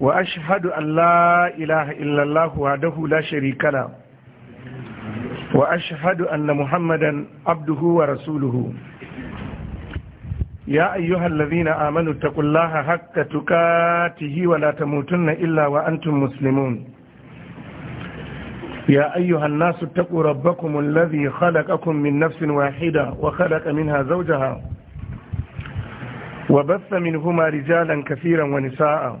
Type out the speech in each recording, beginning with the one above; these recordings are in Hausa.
وأشهد أن لا إله إلا الله وحده لا شريك له وأشهد أن محمدا عبده ورسوله يا أيها الذين آمنوا اتقوا الله حق تكاته ولا تموتن إلا وأنتم مسلمون يا أيها الناس اتقوا ربكم الذي خلقكم من نفس واحدة وخلق منها زوجها وبث منهما رجالا كثيرا ونساء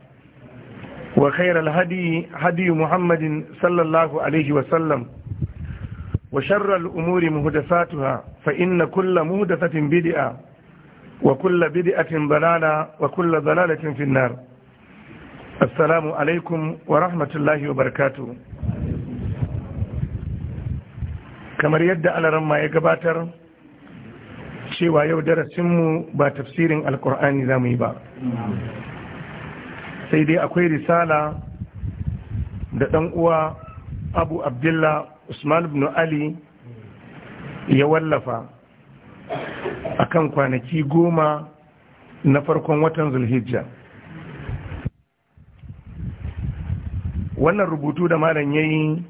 وخير الهدي هدي محمد صلى الله عليه وسلم وشر الأمور مهدفاتها فإن كل مهدفة بدئة وكل بدئة ضلالة وكل ضلالة في النار السلام عليكم ورحمة الله وبركاته kamar yadda alarama ya gabatar cewa yau darasinmu ba tafsirin alkur'ani za mu yi ba sai dai akwai risala da ɗan uwa abu abdullah usman ibn ali ya wallafa akan kwanaki goma na farkon watan zulhijja wannan rubutu da malam ya yi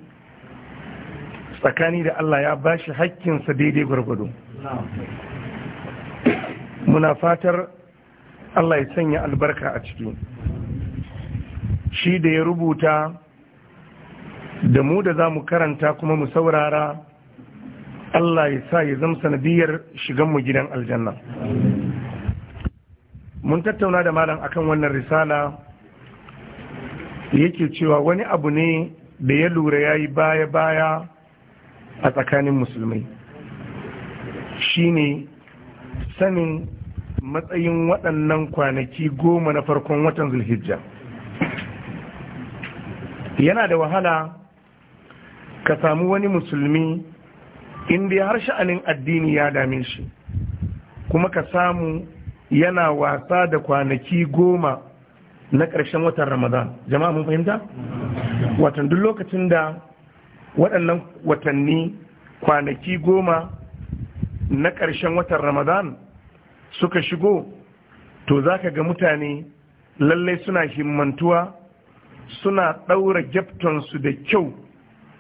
tsakani da allah ya bashi shi haƙƙinsa daidai gwargwado muna fatar allah ya sanya albarka a ciki shi da ya rubuta da mu da za mu karanta kuma mu saurara Allah ya sa ya zama sanadiyar shiganmu gidan aljanna mun tattauna da malam akan wannan risala yake cewa wani abu ne da ya lura ya yi baya-baya a tsakanin musulmai shine sanin matsayin waɗannan kwanaki goma na farkon watan zulhijja. yana da wahala ka samu wani musulmi inda har sha'anin addini ya dame shi kuma ka samu yana wasa da kwanaki goma na ƙarshen watan ramadan jama'a mun fahimta watan duk lokacin da waɗannan watanni kwanaki goma na ƙarshen watan ramadan suka shigo to za ka ga mutane lallai suna himmantuwa suna ɗaura gyaftonsu da kyau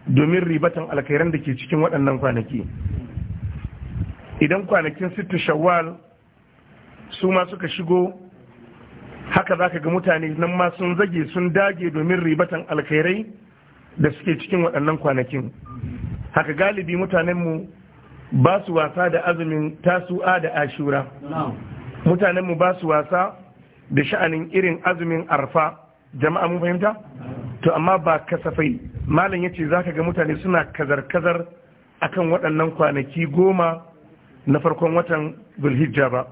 domin ribatan alkhairan da ke cikin waɗannan kwanaki idan kwanakin sittu shawwal su ma suka shigo haka za ka ga mutane nan ma sun zage sun dage domin ribatan alkhairai da suke cikin waɗannan kwanakin haka galibi mutanenmu ba su wasa da azumin tasu'a da ashura mutanenmu ba su wasa da sha'anin irin azumin arfa jama'a mun fahimta to amma ba kasafai malam yace zaka ga mutane suna kazar-kazar akan waɗannan kwanaki goma na farkon watan zulhijja ba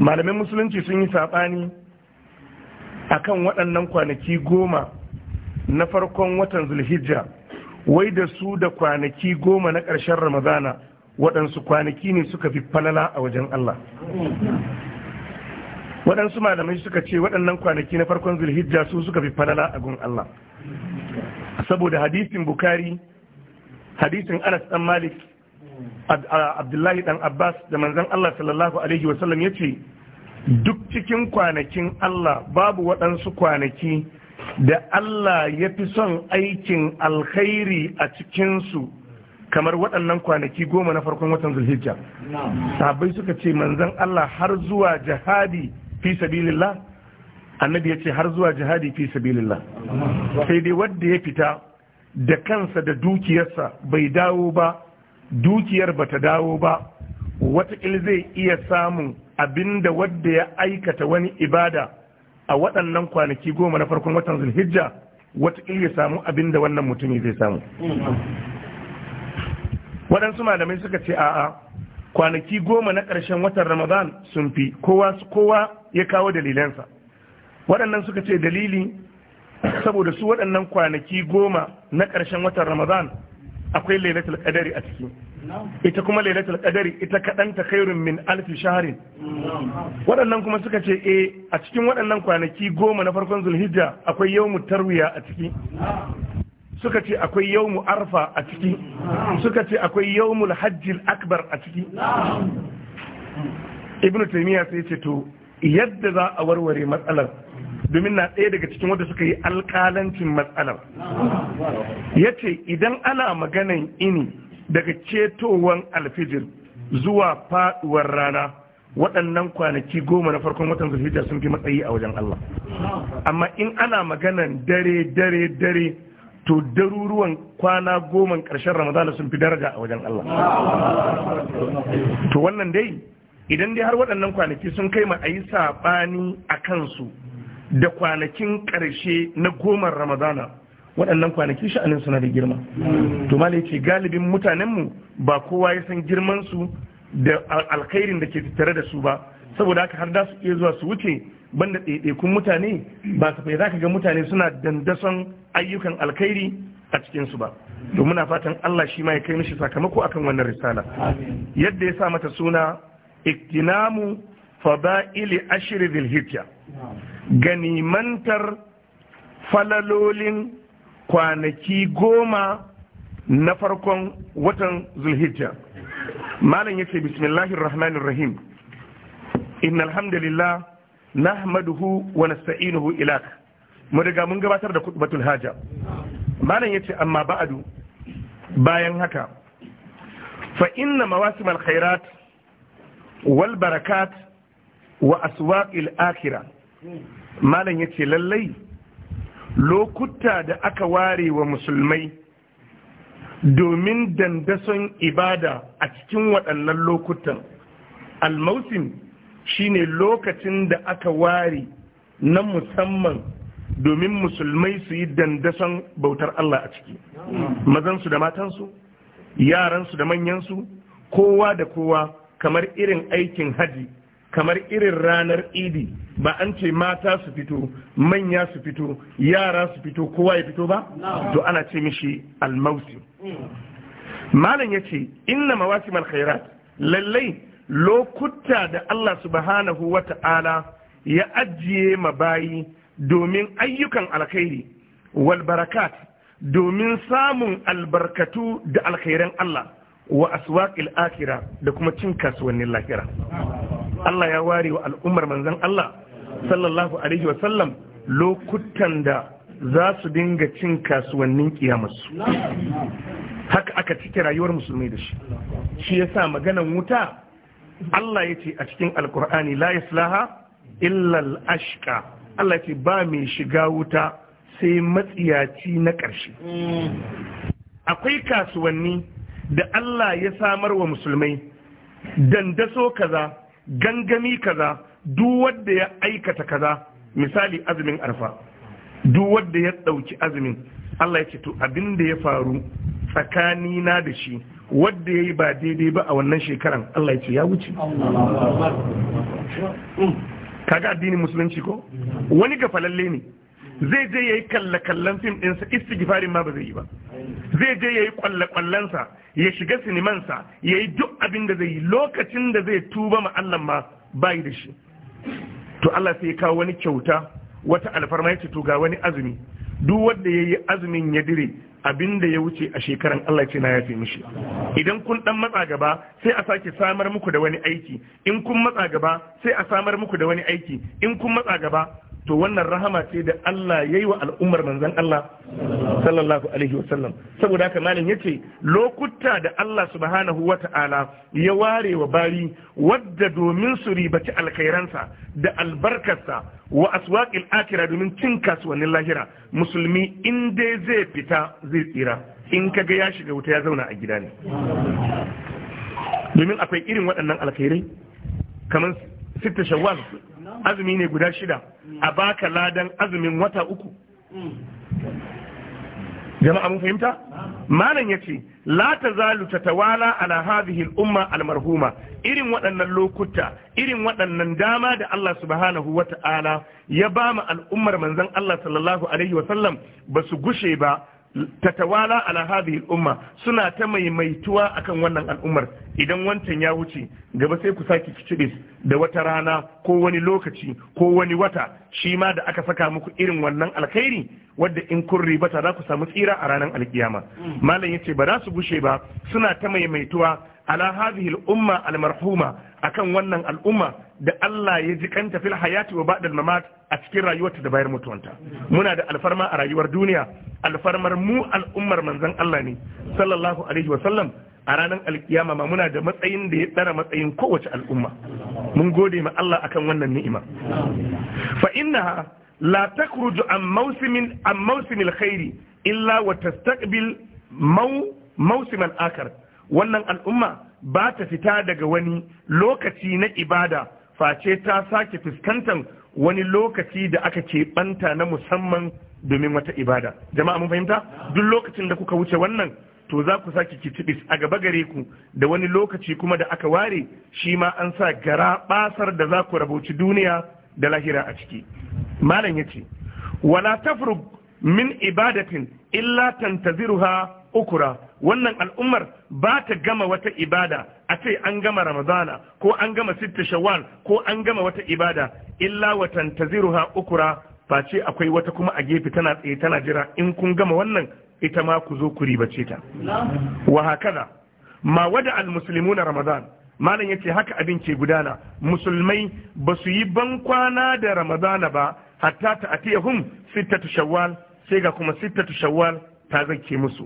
malamin musulunci sun yi saɓani akan waɗannan kwanaki goma na farkon watan zulhijja wai da su da kwanaki goma na ƙarshen ramadana waɗansu kwanaki ne suka fi falala a wajen Allah waɗansu malamai suka ce waɗannan kwanaki na farkon zulhijja su suka fi falala a gun Allah saboda hadisin bukari hadisin anas dan malik abdullahi dan abbas da manzon Allah sallallahu alaihi wasallam ya ce duk cikin kwanakin Allah babu waɗansu kwanaki da Allah ya fi son aikin alkhairi a cikinsu kamar waɗannan kwanaki goma na farkon watan zulhijja sabai suka ce manzon Allah har zuwa jihadi fi sabilillah annabi yace har zuwa jihadi fi sabilillah sai dai wanda ya fita da kansa da dukiyarsa bai dawo ba dukiyar bata dawo ba wataƙil zai iya samun abinda wanda ya aikata wani ibada a waɗannan kwanaki goma na farkon watan zulhijja wataƙil ya samu abinda wannan mutumin zai samu waɗansu malamai suka ce a'a kwanaki goma na ƙarshen watan ramadan sun fi kowa ya kawo dalilansa waɗannan suka ce dalili saboda su waɗannan kwanaki goma na ƙarshen watan ramadan akwai lailatul qadari a ciki ita kuma lailatul qadari ita kaɗan ta khairun min alfi shaharin waɗannan kuma suka ce eh a cikin waɗannan kwanaki goma na farkon zulhijja akwai yawmut tarwiya a ciki suka ce akwai yawmu arfa a ciki suka ce akwai yawmu hajjil akbar a ciki ibnu taymiya sai ce to yadda za a warware matsalar domin na ɗaya daga cikin wanda suka yi alƙalancin matsalar ya ce idan ana maganan ini daga cetowar alfijir zuwa faɗuwar rana waɗannan kwanaki goma na farkon watan zulhijja sun fi matsayi a wajen Allah amma in ana maganan dare dare dare to daruruwan kwana goma karshen ramadana sun fi daraja a wajen Allah to wannan dai idan dai har waɗannan kwanaki sun kai ma a yi saɓani a kansu da kwanakin ƙarshe na goma ramadana waɗannan kwanaki sha'anin suna da girma to ma ce galibin mutanenmu ba kowa ya san girmansu da alkhairin da ke tattare da su ba saboda haka har da su iya zuwa su wuce banda ɗaiɗaikun mutane ba su fai zaka ga mutane suna dandason ayyukan alkhairi a cikinsu ba to muna fatan Allah shi ma ya kai mishi sakamako akan wannan risala yadda ya sa mata suna iktinamu fada'ili ashri dhil ganimantar falalolin kwanaki goma na farkon watan zulhijja malam yace bismillahir rahmanir rahim innal hamdalillah nahmaduhu wa nasta'inuhu ilak mu riga mun gabatar da khutbatul haja malam yace amma ba'adu bayan haka fa inna mawasim alkhairat wal barakat wa aswaqil akhira malam yace lallai lokuta da aka ware wa musulmai domin dandason ibada a cikin waɗannan lokutan almausin shine lokacin da aka ware na musamman domin musulmai su yi dandason bautar Allah a ciki mazansu da matansu yaransu da manyansu kowa da kowa kamar irin aikin haji kamar irin ranar idi ba an ce mata su fito manya su fito yara su fito kowa ya fito ba to ana ce mishi almausi malam ya ce inna mawasim alkhairat lallai lokuta da Allah subhanahu wa ta'ala ya ajiye ma bayi domin ayyukan alkhairi wal barakat domin samun albarkatu da alkhairan Allah wa aswaƙil akhirah da kuma cin kasuwannin lahira Allah ya ware wa al'ummar manzon Allah sallallahu alaihi wa sallam lokutan da za su dinga cin kasuwannin kiyamarsu haka aka cike rayuwar musulmi da shi shi yasa maganan wuta Allah ya ce a cikin alkur'ani la yaslaha illal ashka Allah ya ce ba mai shiga wuta sai matsiyaci na ƙarshe akwai kasuwanni da Allah ya samar wa musulmai dandaso kaza gangami kaza duk wadda ya aikata kaza misali azumin arfa duk wanda ya ɗauki azumin Allah ya ce to abin da ya faru Tsakani na da shi wadda ya yi ba daidai ba a wannan shekaran Allah ya ce ya wuce hmm. kaga addinin musulunci ko wani ga falalle ne zai je ya yi kalla-kallan fim ɗinsa istigifarin ma ba zai yi ba zai je ya yi sa ya shiga sinimansa sa yayi duk abin da zai yi lokacin da zai tuba ma Allah ma bai da shi to Allah sai ya kawo wani kyauta wata alfarma ya ce to ga wani azumi duk wanda ya yi azumin ya dire abin da ya wuce a shekaran Allah ce na ya fi mishi idan kun dan matsa gaba sai a sake samar muku da wani aiki in kun matsa gaba sai a samar muku da wani aiki in kun matsa gaba to wannan rahama ce da Allah ya yi wa al'ummar manzan Allah sallallahu alaihi wasallam saboda haka malam ya ce lokuta da Allah subhanahu wa ta'ala ya ware wa bari wadda domin su ribaci alkhairansa da albarkarsa wa akira domin cin kasuwannin lahira musulmi in dai zai fita zai tsira in kaga ya shiga wuta ya zauna a gida ne domin akwai irin waɗannan alkhairai kamar Sita shawwal azumi ne guda shida a baka ladan azumin wata uku jama'a mun fahimta malam yace la tazalu tatawala ala hadhihi al-umma al-marhuma irin waɗannan lokuta irin waɗannan dama da Allah subhanahu wata'ala ya ba mu al'ummar manzon Allah sallallahu alaihi wa sallam ba su gushe ba tatawala ala hadhihi umma suna ta maimaituwa akan wannan al'ummar idan wancan ya wuce gaba sai ku saki kicibis da wata rana ko wani lokaci ko wani wata shi ma da aka saka muku irin wannan alkhairi wadda in kun ribata za ku samu tsira a ranar alkiyama mm. malam yace ba za su bushe ba suna ta maimaituwa ala hadhihi al-umma al-marhuma akan wannan al'umma da Allah ya ji kanta fil hayati wa ba'da al-mamat a cikin rayuwarta da bayar mutuwanta muna da alfarma a rayuwar duniya alfarmar mu al'ummar manzon Allah ne sallallahu alaihi wa sallam a ranar alkiyama ma muna da matsayin da ya tsara matsayin kowace al'umma mun gode ma Allah akan wannan ni'ima fa innaha la takruju an mawsimin an mawsimil khairi illa wa tastaqbil maw mawsiman akar wannan al'umma ba ta fita daga wani lokaci na ibada face ta sake fuskantar wani lokaci da aka keɓanta na musamman domin wata ibada jama'a mun fahimta duk lokacin da kuka wuce wannan to za ku sake kitibis a gaba gare ku da wani lokaci kuma da aka ware shi ma an sa gara basar da za ku rabauci duniya da lahira a ciki malam ya ce wala tafrug min ibadatin illa tantaziruha ukura wannan al'ummar ba ta gama wata ibada a ce an gama ramadana ko an gama sitta shawwal ko an gama wata ibada illa wa tantaziruha ukura face akwai wata kuma a gefe tana tsaye tana jira in kun gama wannan ita ma ku zo ku ribace ta wa hakaza ma wada al muslimuna ramadan malam yace haka abin ke gudana musulmai basu yi ban kwana da ramadana ba hatta ta atiyahum sittatu shawwal sai ga kuma sittatu shawwal ta zake musu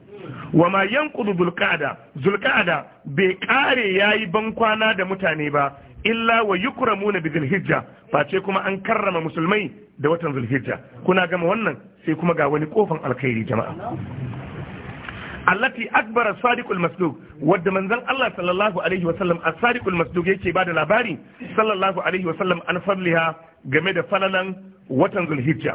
wa ma yanqudu zulqa'da zulqa'da bai kare yayi bankwana da mutane ba illa wa yukramuna bi zulhijja face kuma an karrama musulmai da watan zulhijja kuna gama wannan sai kuma ga wani kofan alkhairi jama'a allati akbara sadiqul masduq wadda manzon Allah sallallahu alaihi wasallam as-sadiqul masduq yake bada labari sallallahu alaihi sallam an fadliha game da falalan watan zulhijja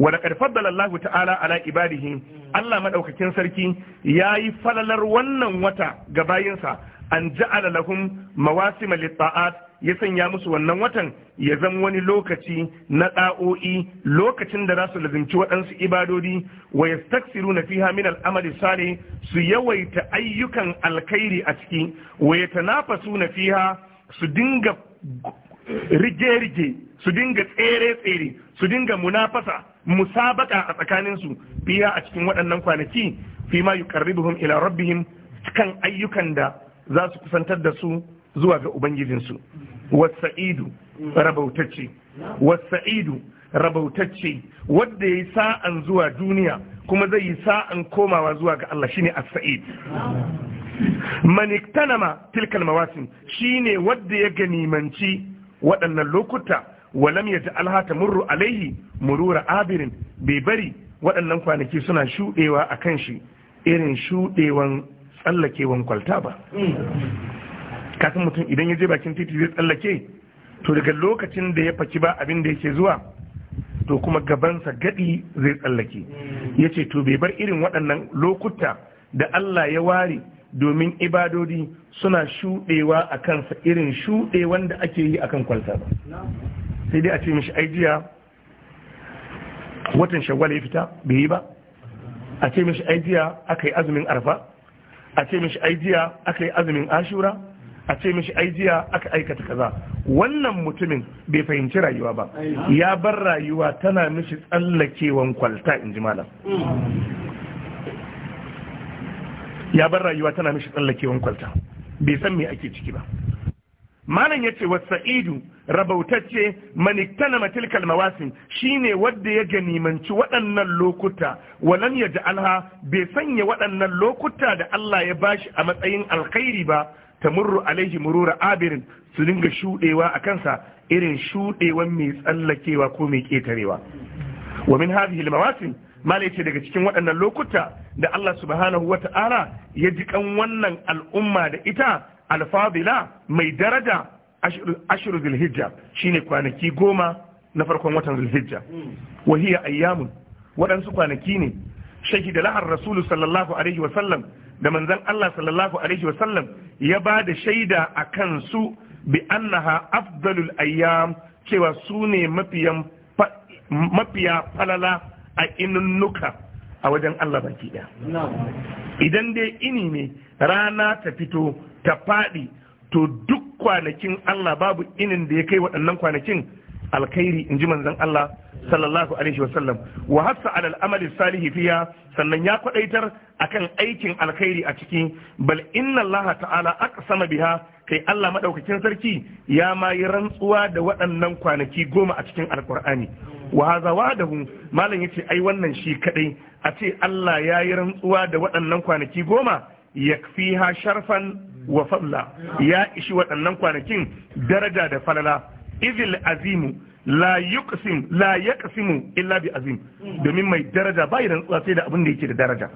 wa laqad faddala ta'ala ala ibadihi Allah maɗaukakin sarki yayi falalar wannan wata ga bayinsa an ja'ala lahum mawasima lit ya sanya musu wannan watan ya zama wani lokaci na ɗa'o'i lokacin da za su lazimci waɗansu ibadodi wa ya staksiru na fiha min al'amali sare su yawaita ayyukan alkhairi a ciki wa ya tanafasu na fiha su dinga rige-rige su dinga tsere-tsere su dinga munafasa musabaka a tsakaninsu biya a cikin waɗannan kwanaki fi ma yuqarribuhum ila rabbihim kan ayyukan da za su kusantar da su zuwa ga ubangijinsu wasa'idu rabautacce wasa'idu rabautacce wanda yayi sa'an zuwa duniya kuma zai yi sa'an komawa zuwa ga Allah shine as-sa'id man iktanama tilkal mawasim shine wadda ya ganimanci waɗannan lokuta walam ya ji ta murru alaihi murura abirin bai bari waɗannan kwanaki suna shuɗewa a kan shi irin shuɗewan tsallakewan kwalta ba kasan mutum idan ya je bakin titi zai tsallake to daga lokacin da ya faki ba abin da yake zuwa to kuma gabansa gaɗi zai tsallake ya ce to bai bar irin waɗannan lokuta da Allah ya ware domin ibadodi suna shuɗewa a kansa irin shuɗewan da ake yi akan kwalta ba sai dai a ce mishi aijiya watan shawwal ya fita bai yi ba a ce mishi aijiya aka yi azumin arfa a ce mishi aijiya aka yi azumin ashura a ce mishi aijiya aka aikata kaza wannan mutumin bai fahimci rayuwa ba ya bar rayuwa tana mishi tsallakewan kwalta in ji malam ya bar rayuwa tana mishi tsallakewan kwalta bai san me ake ciki ba malam yace wa sa'idu rabautacce maniktana matilkal mawasin shine wanda ya ganimanci waɗannan lokuta walam ya alha bai sanya waɗannan lokuta da Allah ya bashi a matsayin alkhairi ba ta tamurru alaihi murura abirin su dinga shuɗewa a kansa irin shuɗewan mai tsallakewa ko mai ƙetarewa wa min hadhihi almawasin mala yace daga cikin waɗannan lokuta da Allah subhanahu wata'ala ya ji kan wannan al'umma da ita alfadila mai daraja ashiru zulhijja shine kwanaki goma na farkon watan zulhijja wa ayyamun waɗansu kwanaki ne shahida lahar rasulu sallallahu alaihi wasallam da manzon Allah sallallahu alaihi wasallam ya ba da shaida a kansu bi annaha afdalul ayyam cewa su ne mafiya falala a inunnuka a wajen Allah baki ɗaya. Idan dai ini ne rana ta fito ta faɗi to duk kwanakin Allah babu inin da ya kai waɗannan kwanakin alkhairi in ji manzon Allah sallallahu alaihi wasallam wa hasa ala al'amali salihi fiya sannan ya kwadaitar akan aikin alkhairi a ciki bal inna Allah ta'ala aqsama biha kai Allah madaukakin sarki ya ma rantsuwa da waɗannan kwanaki goma a cikin alkur'ani wa hadha wa'dahu malam yace ai wannan shi kadai a ce Allah ya yi rantsuwa da waɗannan kwanaki goma yakfiha sharfan wa fadla ya ishi waɗannan kwanakin daraja da falala izil azimu la yuqsim la yaqsimu illa bi azim domin mai daraja bai rantsuwa sai da abin da yake da daraja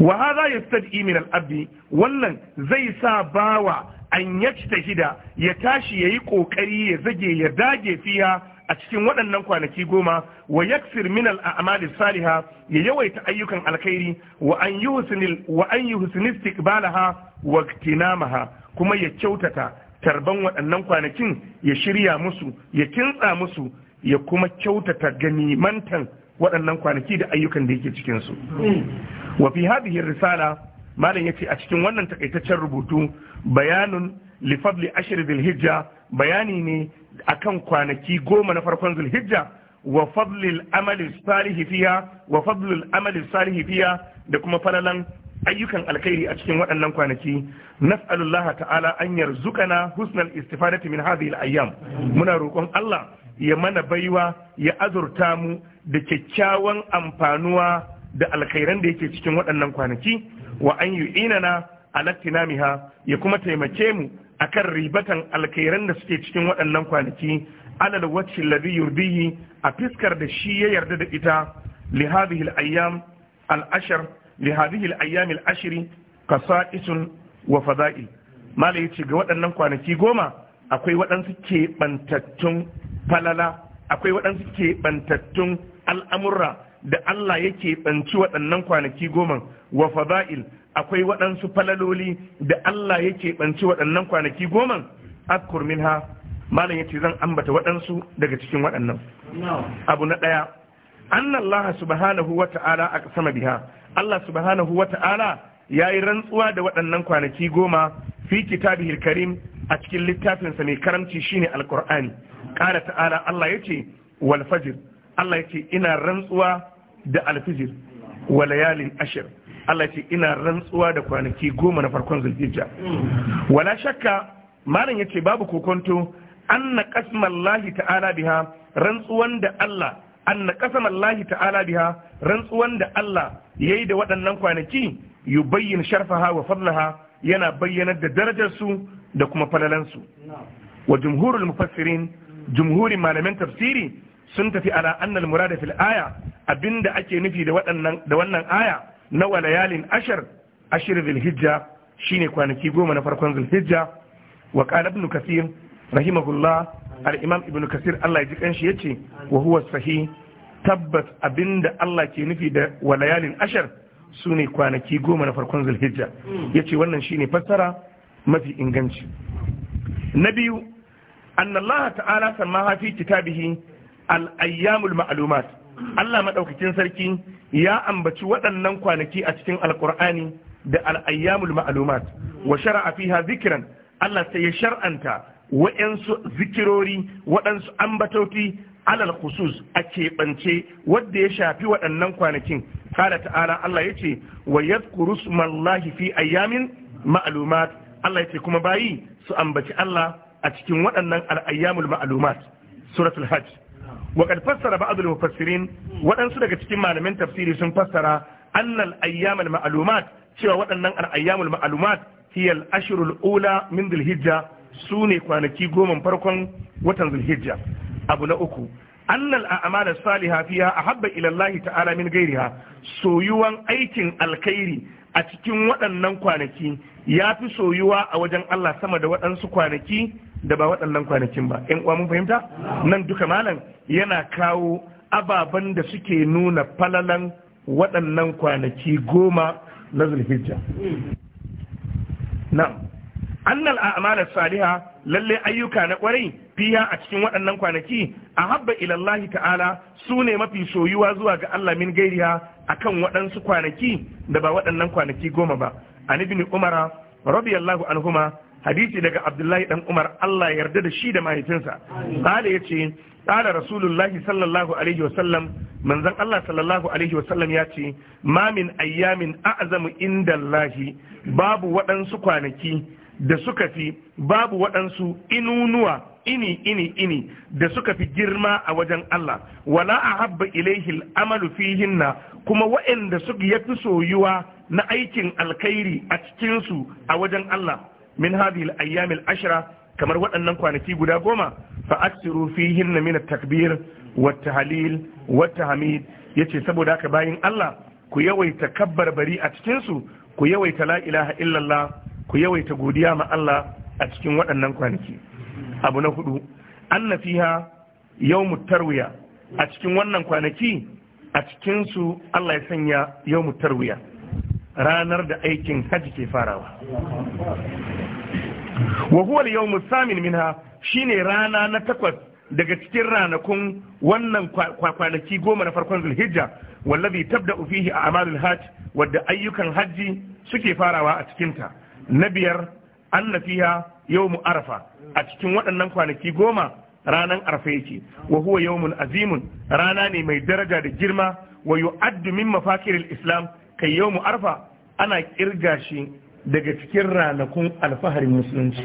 wa hadha yastad'i min al-abdi wannan zai sa bawa an yajtahida ya tashi yayi kokari ya zage ya dage fiya a cikin waɗannan kwanaki goma wa yaksir min al'amali saliha ya yawaita ayyukan alkhairi wa an yi wa an waktinamaha kuma ya kyautata tarban waɗannan kwanakin ya shirya musu ya kintsa musu ya kuma kyautata ganimantan waɗannan kwanaki da ayyukan da yake cikinsu. wa fi hadhihi risala malam ce, a cikin wannan takaitaccen rubutu bayanin li fadli ashr bayani ne akan kwanaki goma na farkon zulhijja wa fadlil amali salihi wa amali da kuma falalan ayyukan alkhairi a cikin waɗannan kwanaki nas'alullaha ta'ala an yarzuqana husnal istifadati min hadhihi al-ayyam muna roƙon Allah ya mana baiwa ya azurta mu da kyakkyawan amfanuwa da alkhairan da yake cikin waɗannan kwanaki wa an yu'inana ala tinamiha ya kuma taimake mu akan ribatan alkhairan da suke cikin waɗannan kwanaki alal wacce ladhi yurdihi a fiskar da shi ya yarda da ita li hadhihi al-ayyam al-ashr li hadhihi al-ayyam al-ashr qasa'is wa ga waɗannan kwanaki goma akwai waɗansu keɓantattun falala akwai waɗansu keɓantattun al'amurra da Allah ya keɓanci waɗannan kwanaki goma wa fada'il akwai waɗansu falaloli da Allah ya keɓanci waɗannan kwanaki goma akur ha malam yace zan ambata waɗansu daga cikin waɗannan abu na ɗaya annallahu Allah subhanahu wa ta'ala sama biha Allah subhanahu wa ta'ala ya yi rantsuwa da waɗannan kwanaki goma fi kitabihil karim a cikin littafinsa mai karamci shine alkur'ani ƙara ta'ala Allah ya ce wal fajr Allah ya ce ina rantsuwa da alfijir wa layalin ashir Allah ya ce ina rantsuwa da kwanaki goma na farkon zulhijja wala shakka malam ya ce babu kokonto anna qasmallahi ta'ala biha rantsuwan da Allah anna qasamallahi ta'ala biha rantsuwan da Allah ya yi da waɗannan kwanaki yubayyin sharfaha wa fadlaha yana bayyanar da darajarsu da kuma falalansu wa jumhurul mufassirin jumhurin malamin tafsiri sun tafi ala annal murada fil aya abinda ake nufi da wannan aya na walayalin ashar ashir dhil shine kwanaki goma na farkon dhil hijja wa qala ibn kathir rahimahullah al imam ibn kathir Allah ya ji kanshi yace wa huwa sahih tabbas abinda Allah ke nufi da walayalin ashar su ne kwanaki goma na farkon zulhijja ya ce wannan shi ne fassara mafi inganci na biyu annallaha ta'ala sannan hafi kitabihi al'ayyamul ma'alumat Allah maɗaukakin sarki ya ambaci waɗannan kwanaki a cikin alƙur'ani da al'ayyamul ma'alumat wa shara'a fiha zikiran Allah sai ya shar'anta waɗansu zikirori waɗansu ambatoti alal khusus a keɓance wadda ya shafi waɗannan kwanakin kala ta'ala Allah ya ce wa yadhkuru smallahi fi ayyamin ma'lumat Allah ya ce kuma bayi su ambaci Allah a cikin waɗannan al'ayyamul ma'lumat suratul hajj wa kad fassara ba'd al mufassirin waɗansu daga cikin malaman tafsiri sun fassara annal ayyamal ma'lumat cewa waɗannan al'ayyamul ma'lumat hiya al ashrul ula min su sune kwanaki goma farkon watan hijja. abu na uku annal a'mal as-salihah fiha ahabba ila Allah ta'ala min ghayriha soyuwan aikin alkhairi a cikin waɗannan kwanaki ya fi soyuwa a wajen Allah sama da waɗansu kwanaki da ba waɗannan kwanakin ba in uwa mun fahimta nan duka malam yana kawo ababen da suke nuna falalan waɗannan kwanaki goma na zulhijja nan annal a'mal as-salihah lalle ayyuka na kwarai fiya a cikin waɗannan kwanaki a habba ilallahi ta'ala su ne mafi soyuwa zuwa ga Allah min gairiya a kan waɗansu kwanaki da ba waɗannan kwanaki goma ba an ibn umar radiyallahu anhuma hadisi daga abdullahi ɗan umar Allah ya yarda da shi da mahaifinsa ya ce, qala rasulullahi sallallahu alaihi wa sallam manzan Allah sallallahu alaihi wa sallam ya ma min ayyamin a'azamu indallahi babu waɗansu kwanaki da suka fi babu waɗansu inunuwa ini ini ini da suka fi girma a wajen Allah wala a habba ilaihil amalu fihinna kuma waɗanda suka yafi soyuwa na aikin alkhairi a cikinsu a wajen Allah min hadhihi ayyamil ashra kamar waɗannan kwanaki guda goma fa aksiru fihinna min takbir wa tahlil wa tahmid yace saboda haka bayin Allah ku yawaita kabbar bari a cikinsu ku yawaita la ilaha illallah ku yawaita godiya ma Allah a cikin waɗannan kwanaki abu na hudu anna fiha yawmut tarwiya a cikin wannan kwanaki a cikin su Allah ya sanya yawmut tarwiya ranar da aikin haji ke farawa wa huwa yawmus samin minha shine rana na takwas daga cikin ranakun wannan kwanaki goma na farkon zulhijja wallazi tabda'u fihi a amalul hajj wadda ayyukan hajji suke farawa a cikinta na biyar anna fiha yawmu arfa a cikin waɗannan kwanaki goma ranan arfa yake wa huwa yawmun azimun rana ne mai daraja da girma wa yu'addu min mafakir islam kai yawmu arfa ana kirga shi daga cikin ranakun alfaharin musulunci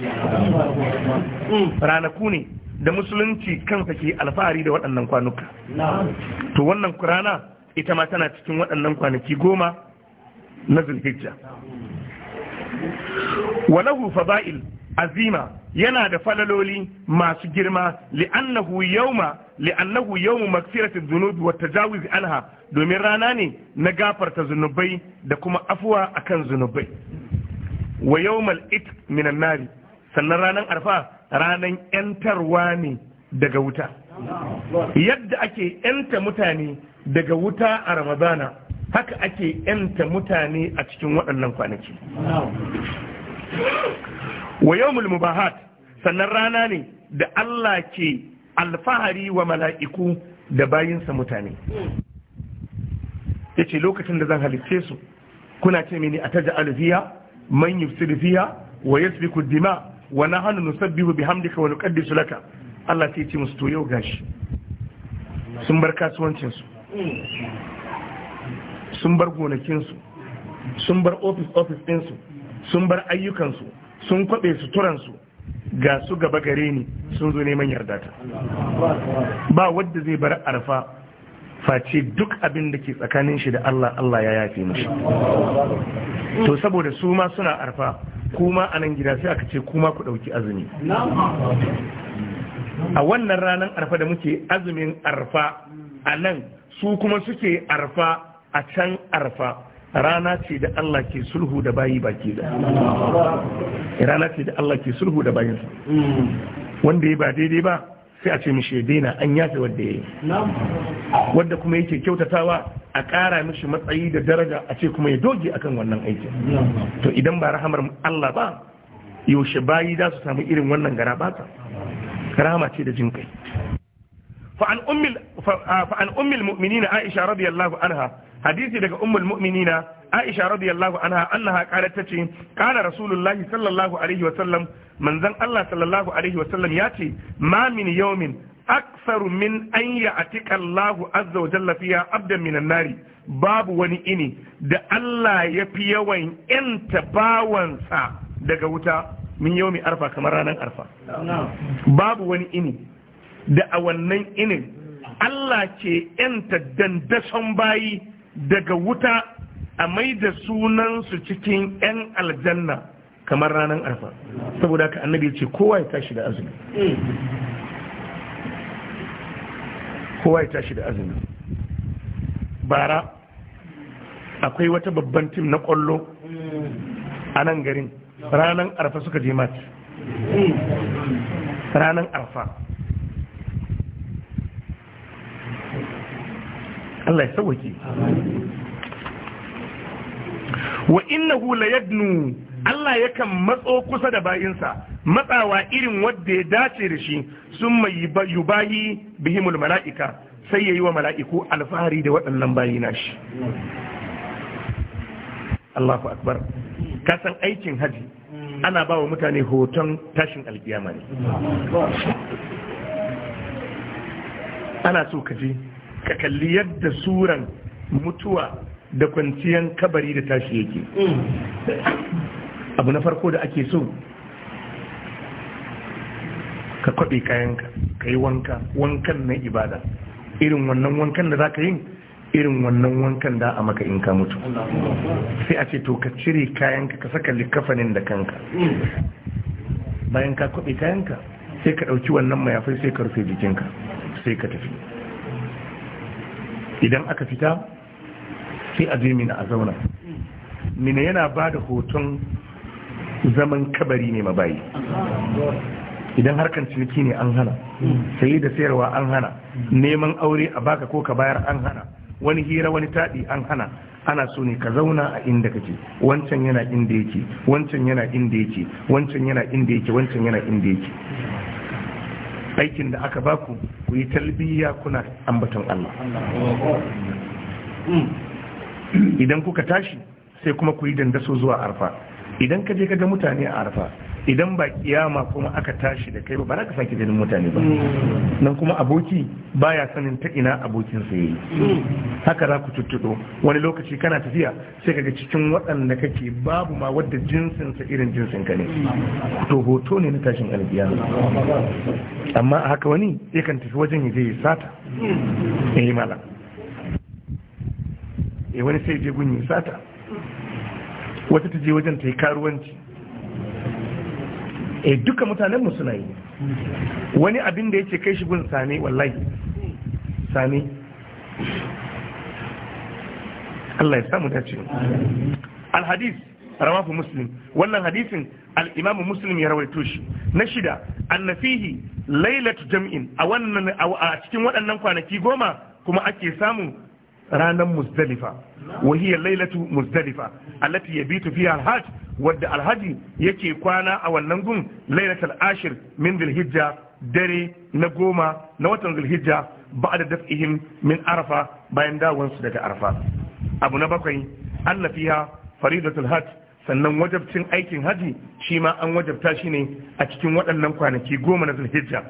ranaku ne da musulunci kansa ke alfahari da waɗannan kwanuka to wannan rana ita ma tana cikin waɗannan kwanaki goma na zulhijja walahu fada'il azima yana da falaloli masu girma li'annahu yawma li'annahu yawmu magfiratiz dhunub wa tajawuz anha domin rana ne na gafarta zunubai da kuma afuwa akan zunubai wa yawmal it minan nari sannan ranan arfa ranan yantarwa ne daga wuta yadda ake yanta mutane daga wuta a ramadana haka ake yanta mutane a cikin waɗannan kwanaki wa yawmul mubahat sannan rana ne da Allah ke alfahari wa mala'iku da bayinsa mutane yace lokacin da zan halitce su kuna ce mini a taja alfiya man yufsidu fiya wa yasbiku dima wa nahnu nusabbihu bihamdika wa nuqaddisu laka Allah sai ce musu to yau gashi sun bar kasuwancinsu. sun bar gonakinsu sun bar ofis-ofis ɗinsu sun bar ayyukansu sun kwaɓe suturansu ga su gaba gare ni sun zo neman yarda ta ba wadda zai bar arfa face duk abin da ke tsakanin shi da Allah Allah ya yafe mashi to saboda su ma suna arfa kuma a nan gida sai aka ce kuma ku ɗauki azumi a wannan ranar arfa da muke azumin arfa a nan su kuma suke arfa a can arfa rana ce da Allah ke sulhu da bayi baki da rana ce da Allah ke sulhu da bayinsa wanda ya ba daidai ba sai a ce mishi ya daina an yafe wadda ya yi wadda kuma yake kyautatawa a kara mishi matsayi da daraja a ce kuma ya doge akan wannan aiki. to idan ba rahamar Allah ba yaushe bayi za su samu irin wannan gara ba ta rahama ce da jin kai فعن أم فعن أم المؤمنين عائشة رضي الله عنها حديث لك أم المؤمنين عائشة رضي الله عنها أنها قالت تشي قال رسول الله صلى الله عليه وسلم من ذن الله صلى الله عليه وسلم ياتي ما من يوم أكثر من أن يأتيك الله عز وجل فيها عبدا من النار باب ونئني da Allah ya fi yawan ‘yanta bawansa daga wuta min yau mai arfa kamar ranar arfa. Babu wani ini da a wannan inin Allah ke ‘yanta dandason bayi daga wuta a mai da sunansu cikin ‘yan aljanna kamar ranar arfa saboda ka annabi ce kowa ya tashi da azumi kowa ya tashi da azumi bara akwai wata babban tim na kwallo a nan garin ranar arfa suka je mati ranar arfa Allah ya sauwake wa innahu layadnu Allah yakan matso kusa da bayinsa matsawa irin wanda ya dace da shi sun mai yubayi bihimul mala'ika sai yayi yi wa mala'iku alfahari da waɗannan bayi shi Allahu akbar san aikin haji ana ba wa mutane hoton tashin alkiyama ne ana so ka je ka kalli yadda suran mutuwa da kwanciyar kabari da tashi yake mm. abu na farko da ake so ka kwaɓe kayanka ka yi wanka wankan na ibada irin wannan wankan da za ka yi irin wannan wankan da a maka in ka mutu sai a ce to ka cire kayanka ka saka likafanin da kanka mm. bayan ka kwaɓe kayanka sai ka ɗauki wannan mayafai sai ka rufe jikinka sai ka tafi idan aka fita sai a je mina a zauna mina yana ba da hoton zaman kabari ne ma bayi. idan harkar ciniki ne an hana sai da sayarwa an hana neman aure a baka ko ka bayar an hana wani hira wani taɗi an hana ana so ne ka zauna a inda kake wancan yana inda yake wancan yana inda yake wancan yana inda yake wancan yana inda yake aikin da aka baku ku yi talbiya kuna ambaton Allah idan kuka tashi sai kuma ku yi dandaso zuwa arfa idan ka je ka ga mutane a arfa idan ba kiyama kuma aka tashi da kai ba za ka sake ganin mutane ba nan kuma aboki baya sanin ta ina abokin sa yayi haka za ku tuttudo wani lokaci kana tafiya sai kaga cikin waɗanda kake babu ma wadda jinsin sa irin jinsin ka ne to hoto ne na tashin alkiyama amma a haka wani yakan tafi wajen ya je ya sata eh malam eh wani sai je gunyi sata wata ta je wajen ta yi karuwanci eh duka mutanen mu suna yi wani abin da yake kai shi gun sane wallahi sane Allah ya samu dace al hadis rawahu muslim wannan hadisin al-imamu muslim ya rawaito shi na shida fihi lailatu jam'in a wannan a cikin waɗannan kwanaki goma kuma ake samu ranar muzdalifa wa lailatu muzdalifa allati yabitu fiha alhajj wadda alhaji yake kwana a wannan gun lailatul ashir min dhilhijja dare na goma na watan dhilhijja ba'da daf'ihim min arafa bayan dawansu daga arafa abu na bakwai anna fiha faridatul hajj sannan wajabcin aikin haji shi ma an wajabta shi ne a cikin waɗannan kwanaki goma na zulhijja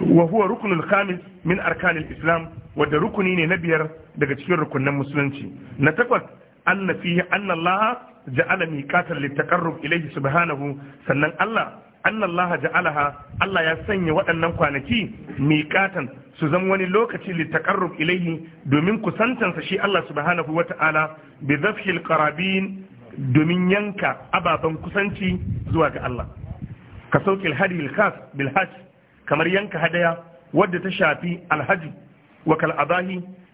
Wahuwa rukunin rukunul khamis min arkanin islam wadda rukuni ne na biyar daga cikin rukunan musulunci na takwas anna fihi anna allaha ja'ala miqatan litaqarrub ilayhi subhanahu sannan allah anna allaha ja'alaha allah ya sanya waɗannan kwanaki miƙatan su zama wani lokaci litaqarrub ilaihi domin kusantansa shi allah subhanahu wata'ala bi dhafhil qarabin domin yanka ababen kusanci zuwa ga allah ka sauƙi alhadi bil hajj kamar yanka hadaya wadda ta shafi alhaji wa kal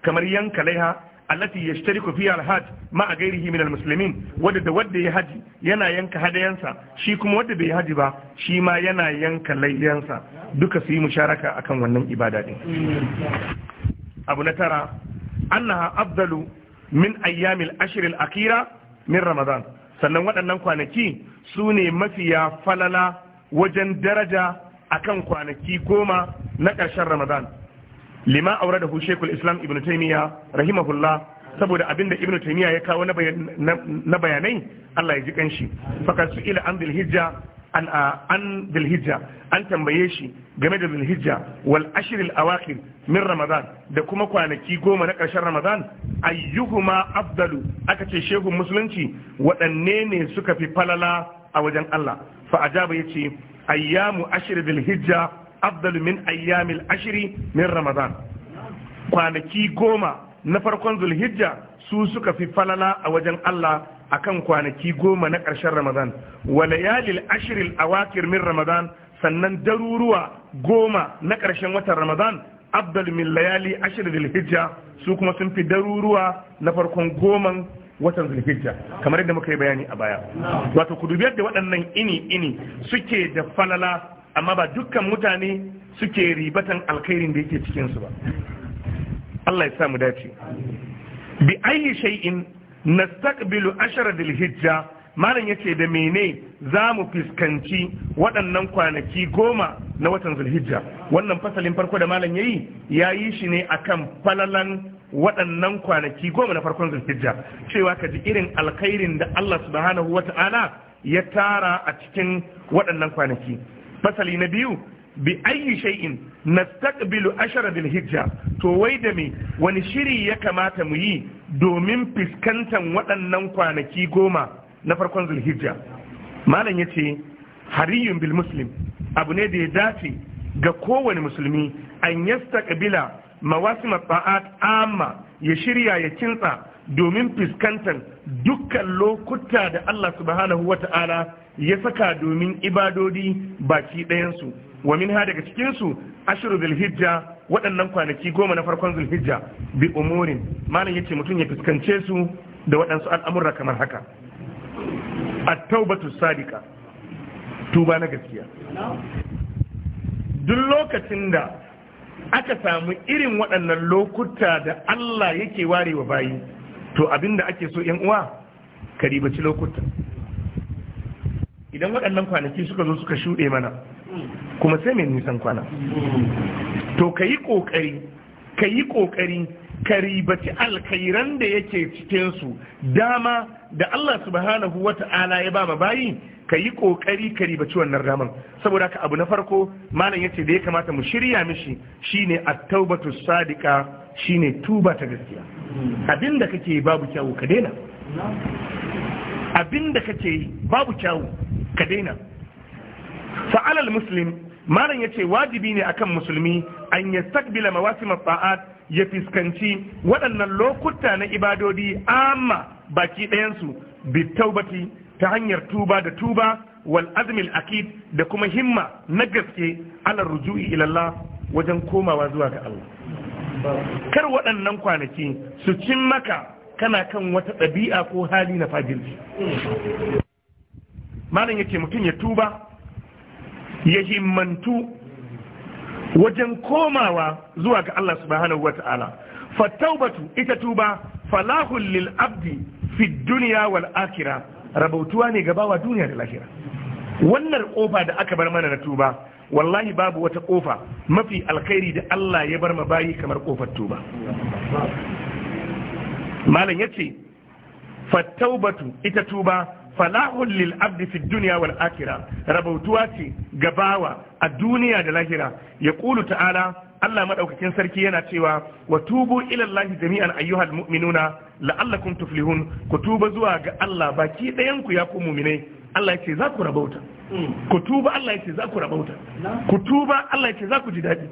kamar yanka laiha allati yashtariku fiha alhaj ma ghairihi min almuslimin wadda da wadda ya haji yana yanka hadayansa shi kuma wadda bai haji ba shi ma yana yanka layyansa duka su yi musharaka akan wannan ibada din abu na tara annaha afdalu min ayyamil ashr al-akhira min ramadan sannan waɗannan kwanaki su ne mafiya falala wajen daraja akan kwanaki goma na ƙarshen ramadan lima aure da hushekul islam ibn taimiyya rahimahullah saboda abinda ibn taimiyya ya kawo na bayanai allah ya ji kanshi fakar su ila an hijja an an dilhijja an tambaye shi game da hijja wal ashiril awakhir min ramadan da kuma kwanaki goma na ƙarshen ramadan ayyuhuma afdalu aka ce shehun musulunci waɗanne ne suka fi falala a wajen allah fa ajaba yace ayyamu ashir bil hijja min ayyamil ashiri min ramadan kwanaki goma na farkon zulhijja su suka fi falala a wajen Allah akan kwanaki goma na ƙarshen ramadan wa layalil a awakir min ramadan sannan daruruwa goma na ƙarshen watan ramadan abdul min layali ashiril su kuma sun fi daruruwa na farkon goman watan zulhijja kamar yadda muka yi bayani a baya wato ku dubi yadda waɗannan ini ini suke da falala amma ba dukkan mutane suke ribatan alkhairin da yake cikin su ba Allah ya sa mu dace bi ayi shay'in nastaqbilu ashara dhulhijja malam yace da mene zamu mu fiskanci waɗannan kwanaki goma na watan zulhijja wannan fasalin farko da malam yayi yayi shi ne akan falalan waɗannan kwanaki goma na farkon zulhijja cewa ka ji irin alkhairin da Allah subhanahu ta'ala ya tara a cikin waɗannan kwanaki fasali na biyu bi ayi shay'in nastaqbilu ashara bil hijja to wai da me wani shiri ya kamata mu yi domin fiskantan waɗannan kwanaki goma na farkon zulhijja malam ya hariyun bil muslim abu ne da ya dace ga kowane musulmi an yastaqbila mawasim mafa'at amma ya shirya ya kintsa domin fuskantar dukkan lokuta da Allah subhanahu wa ta'ala ya saka domin ibadodi baki ɗayansu wa min ha daga cikinsu ashiru zulhijja waɗannan kwanaki goma na farkon zulhijja bi umurin malam yace mutum ya fuskance su da waɗansu al'amurra kamar haka at-taubatu sadiqa tuba na gaskiya duk lokacin da aka samu irin waɗannan lokuta da Allah yake ware wa bayi to abinda ake so yan uwa ka ribaci lokuta idan waɗannan kwanaki suka zo suka shuɗe mana kuma sai mai nisan kwana to ka yi ƙoƙari ka yi ƙoƙari ka ribaci alkairan da yake cikinsu dama da Allah subhanahu wa ta'ala ya ba ma bayi ka yi kokari ka riba ribaci wannan raman, saboda ka abu na farko malam yace da ya kamata mu shirya mishi shine at-taubatu sadiqa shine tuba ta gaskiya abinda kake babu kyawu ka daina abinda kake babu kyawu ka daina fa alal muslim malam yace wajibi ne akan musulmi an yastaqbila mawasim at-ta'at ya fiskanci waɗannan lokuta na ibadodi amma baki ɗayansu taubati ta hanyar tuba da tuba wal azmil akid da kuma himma na gaske ala rujui wajen komawa zuwa ga Allah kar waɗannan kwanaki su cin maka kana kan wata ɗabi'a ko hali na fajirci malam yake mutum ya tuba ya himmantu wajen komawa zuwa ga Allah subhanahu wa ta'ala ita tuba falahun lil abdi fi duniya wal akira rabautuwa ne ga bawa duniya da lahira wannan kofa da aka bar mana na tuba wallahi babu wata kofa mafi alkhairi da Allah ya bar ma bayi kamar kofar tuba malam yace fattaubatu ita tuba falahun lil abdi fi dunya wal akhirah rabautuwa ce gabawa a duniya da lahira ya qulu ta'ala Allah maɗaukakin sarki yana cewa wa tubu ilallahi jami'an ayyuhal mu'minuna la'allakum tuflihun ku tuba zuwa ga Allah baki ɗayan ku ya ku mu'minai Allah ce za ku rabauta ku tuba Allah ya ce za ku rabauta ku tuba Allah ya ce za ku ji daɗi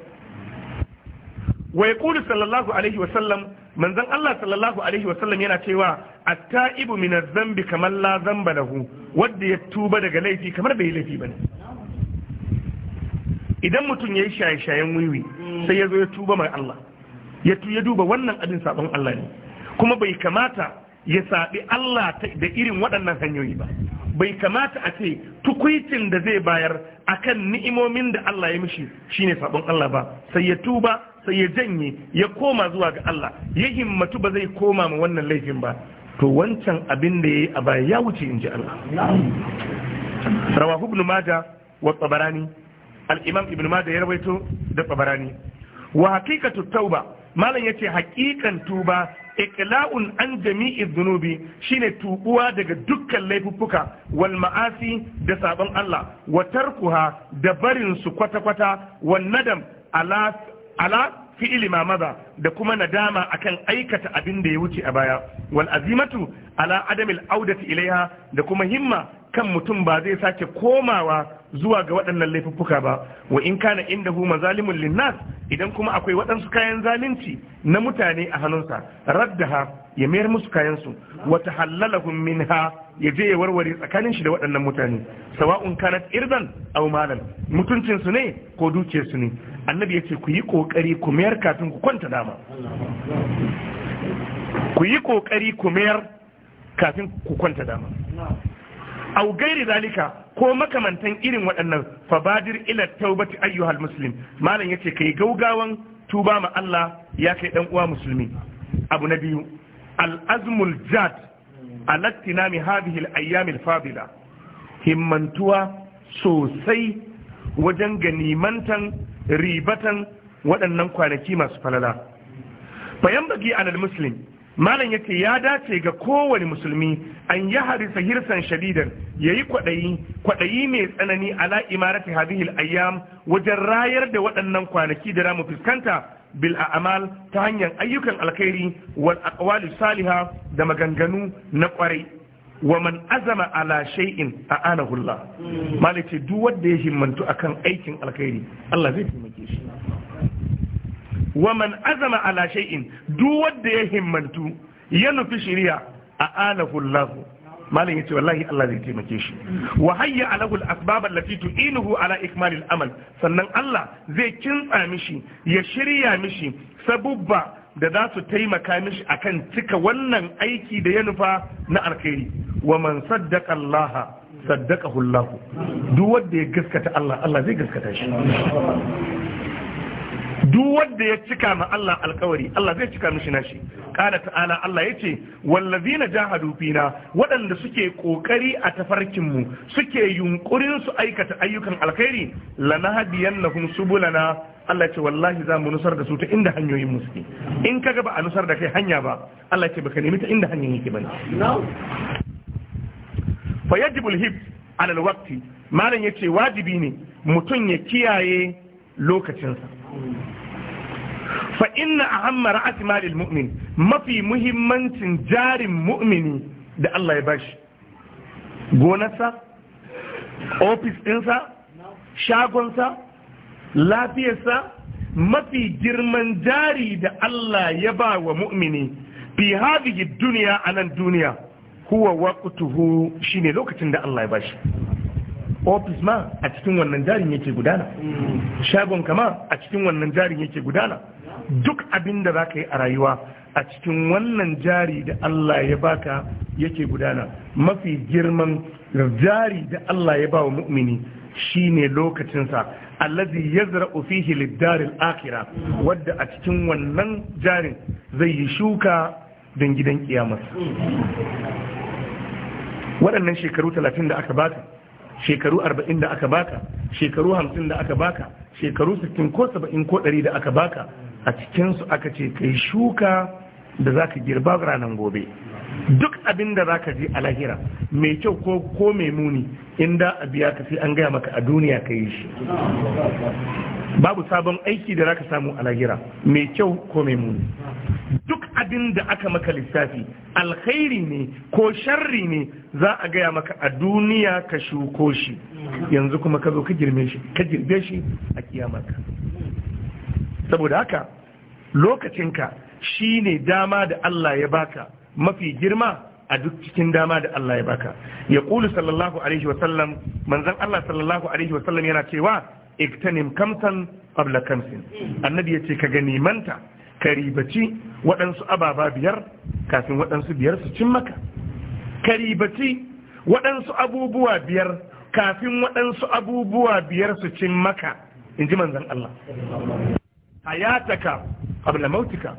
wa yaqulu sallallahu alaihi wa sallam manzan Allah sallallahu alaihi wa sallam yana cewa at-ta'ibu min adh-dhanbi kaman la dhanba lahu wanda ya tuba daga laifi kamar bai laifi ba ne. idan mutum ya yi shaye-shayen wiwi sai ya zo ya tuba mai Allah ya duba wannan abin sabon Allah ne kuma bai kamata ya saɓi Allah da irin waɗannan hanyoyi ba bai kamata a ce tukwicin da zai bayar akan ni'imomin da Allah ya mishi shine sabon Allah ba sai ya tuba sai ya janye ya koma zuwa ga Allah ya himmatu ba zai koma ma wannan laifin ba to wancan abin da ya yi a baya ya wuce in ji Allah rawahu ibn maja al-imam ibn majah ya rawaito da tabarani wa haqiqatu tauba malam yace haqiqan tuba ikla'un an jami'i dhunubi shine tubuwa daga dukkan laifuffuka wal ma'asi da sabon Allah wa tarkuha da barin su kwata-kwata wan nadam ala ala fi'ili ma maza da kuma nadama akan aikata abin da ya wuce a baya wal azimatu ala adamil audati ilaiha da kuma himma kan mutum ba zai sake komawa zuwa ga waɗannan laifuffuka ba wa in kana huma mazalimun linnas idan kuma akwai waɗansu kayan zalunci na mutane a hannunsa raddaha ya mayar musu kayansu wa tahallalahum minha ya je ya warware tsakanin shi da waɗannan mutane sawa'un kanat irdan aw malan mutuncin su ne ko dukiyar su ne annabi yace ku yi kokari ku mayar kafin ku kwanta dama ku yi kokari ku mayar kafin ku kwanta dama au gairi zalika ko makamantan irin waɗannan fabadir ila taubati ayyuhal muslim malam yace kai gaugawan tuba ma Allah ya kai dan uwa musulmi abu na biyu al'azmul jad alattinami hadhihi al-ayyam al-fadila himmantuwa sosai wajen ganimantan ribatan waɗannan kwanaki masu falala bayan bagi anal muslim malam ya ce ya dace ga kowane musulmi an yi harisa hirsan shadidan ya yi kwaɗayi kwaɗayi mai tsanani ala imarati hadihil ayyam wajen rayar da waɗannan kwanaki da ramu fuskanta bil a'amal ta hanyar ayyukan alkhairi wal aqwali saliha da maganganu na kwarai wa man azama ala shay'in a'anahu Allah Malam ce duk wanda ya himmantu akan aikin alkhairi Allah zai taimake shi Waman azama ala shay'in duk wanda ya himmantu ya nufi shari'a a anahu Allah malam yace wallahi Allah zai taimake shi wahayya hayya alahu al-asbab allati tu'inuhu ala ikmalil amal sannan Allah zai kintsa mishi ya shirya mishi sabuba da zasu taimaka mishi akan cika wannan aiki da ya nufa na alkhairi waman man saddaqa Allah saddaqahu Allah duk ya gaskata Allah Allah zai gaskata shi duk wanda ya cika ma Allah alkawari Allah zai cika mishi nashi ƙara ta'ala Allah yace wallazina jahadu fina waɗanda suke kokari a tafarkin mu suke yunkurin su aikata ayyukan alkhairi lanahdiyannahum subulana Allah ce wallahi za mu nusar da su ta inda hanyoyin mu suke in kaga ba a nusar da kai hanya ba Allah ce baka nemi ta inda hanyoyin yake bane fa yajibul hib ala alwaqti malam yace wajibi ne mutum ya kiyaye lokacinsa fa inna ahamma ra'ati malil mu'min mafi muhimmancin jarin mu'mini da Allah ya bashi gonarsa ofis ɗinsa shagonsa lafiyarsa mafi girman jari da Allah ya ba wa mu'mini fi hadhihi duniya a nan duniya huwa waqtuhu shine lokacin da Allah ya bashi ofis ma a cikin wannan jarin yake gudana shagon kama a cikin wannan jarin yake gudana duk abin da za ka yi a rayuwa a cikin wannan jari da Allah ya baka yake gudana mafi girman jari da Allah ya ba wa mu'mini shine lokacinsa allazi ya fihi lid-daril akira. wadda a cikin wannan jarin zai yi shuka don gidan kiyamar waɗannan shekaru talatin da aka bata shekaru arba'in da aka baka shekaru 50 da aka baka shekaru 60 ko 70 ko 100 da aka baka a cikinsu aka ce kai shuka da za ka girba ranar gobe duk abin da za ka je a lahira mai kyau ko mai muni in da a biya ka sai an gaya maka a duniya ka yi shi babu sabon aiki da zaka samu a lahira mai kyau ko mai muni duk abin da aka maka lissafi alkhairi ne ko sharri ne za a gaya maka a duniya ka shuko shi yanzu kuma ka zo ka girme shi ka girbe shi a kiyamarka saboda haka lokacinka shine dama da Allah ya baka mafi girma a duk cikin dama da Allah ya baka ya ƙulu sallallahu alaihi wasallam manzan Allah sallallahu alaihi wasallam yana cewa iktanim kamsan qabla kamsin annabi ya ce ka gani manta ka ribaci waɗansu ababa biyar kafin waɗansu biyar su cin maka ka ribaci waɗansu abubuwa biyar kafin waɗansu abubuwa biyar su cin maka in ji manzan Allah hayataka qabla mautika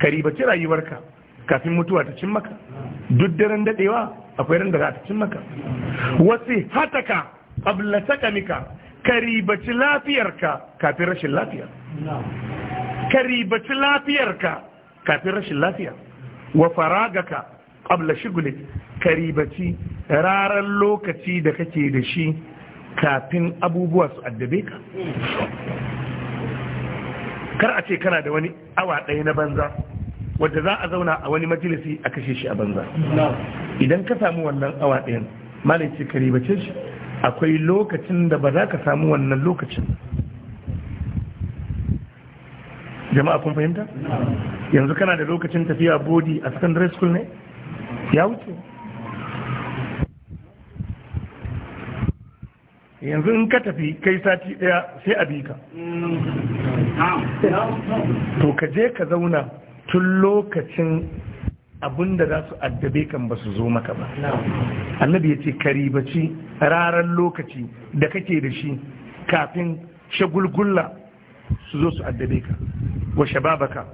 ka ribaci rayuwarka kafin mutuwa ta cin maka duk daren dadewa akwai ran da za ta cin maka wasi hataka ablataka mika ka ribaci lafiyarka kafin rashin lafiya ka ribaci lafiyarka kafin rashin lafiya wa faragaka abla shugule ka ribaci rarar lokaci da kake da shi kafin abubuwa su addabe ka kar a ce kana da wani awa ɗaya na banza wadda za a zauna a wani majalisi a kashe shi a banza idan ka samu wannan awa ɗayan malai ce ka ribace shi akwai lokacin da ba za ka samu wannan lokacin jama'a kun fahimta yanzu kana da lokacin tafiya bodi a secondary school ne ya wuce yanzu in ka tafi kai sati daya sai a bi ka mm. to ka je ka zauna tun lokacin abin da za su addabe kan ba su zo maka ba annabi ya ce karibaci raran lokaci da kake da shi kafin shagulgulla su zo su addabe ka wa shababaka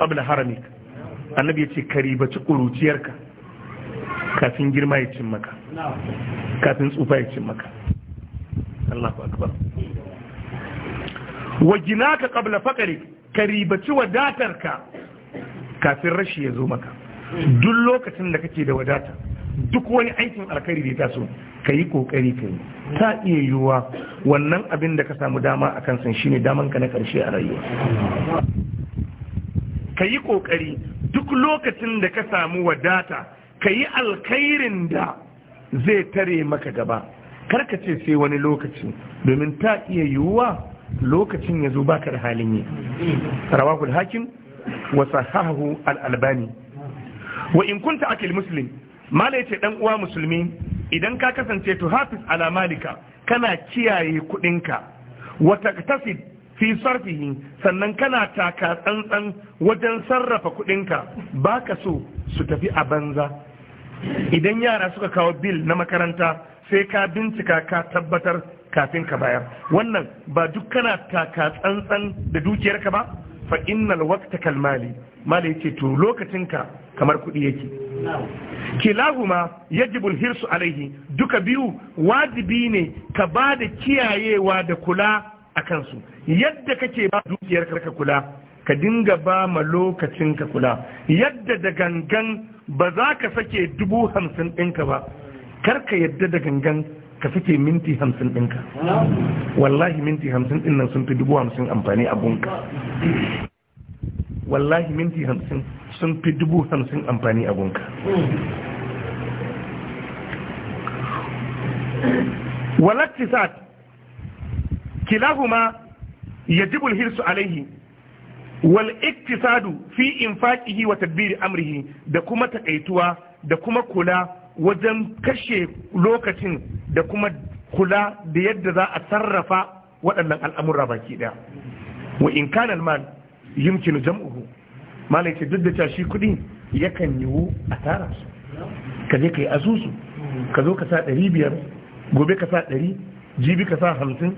qabla haramik annabi ya ce karibaci ƙuruciyarka kafin girma ya cin maka kafin tsufa ya cin maka Allahu akbar wa ginaka qabla faqrik karibaci wadatarka kafin rashi ya zo maka duk lokacin da kake da wadata duk wani aikin alkhairi da ya taso ka yi kokari ka yi ta iya yiwuwa wannan abin da ka samu dama a kansan ne daman ka na karshe a rayuwa ka yi kokari duk lokacin da ka samu wadata ka yi alkhairin da zai tare maka gaba karka ce sai wani lokaci domin ta iya yiwuwa lokacin ya zo baka da halin yi rawakul hakim wa sahahu al-albani wa in kunta akil muslim dan uwa musulmi idan ka kasance to hafiz ala malika kana kiyaye kudinka wa taktasid fi sarfihi sannan kana taka tsantsan wajen sarrafa kudinka baka so su tafi a banza idan yara suka kawo bil na makaranta sai ka bincika ka tabbatar kafin ka bayar wannan ba duk kana taka tsantsan da dukiyarka ba fa innal waqta kal mali mali yace to lokacinka kamar kuɗi yake kilahuma yajibul hirsu alaihi duka biyu wajibi ne ka ba da kiyayewa da kula a kansu yadda kake ba dukiyar ka kula ka dinga ba ma lokacinka kula yadda da gangan ba za ka sake dubu hamsin ɗinka ba karka yadda da gangan ka fice minti hamsin ɗinka wallahi minti hamsin ɗin nan sun fi dubu hamsin amfani a bunka wallahi minti hamsin sun fi dubu hamsin amfani a Walakci Sa'ad, kilahuma ya yajibul hirsu alaihi wal iktisadu fi infaqihi wa tadbiri amrihi da kuma takaituwa da kuma kula wajen kashe lokacin da kuma kula da yadda za a sarrafa waɗannan al'amura baki ɗaya wa in kan alman yumkinu jam'uhu malai ce duk da cewa kuɗi yakan yiwu a tara su ka je ka yi asusu ka zo ka sa ɗari biyar gobe ka sa ɗari jibi ka sa hamsin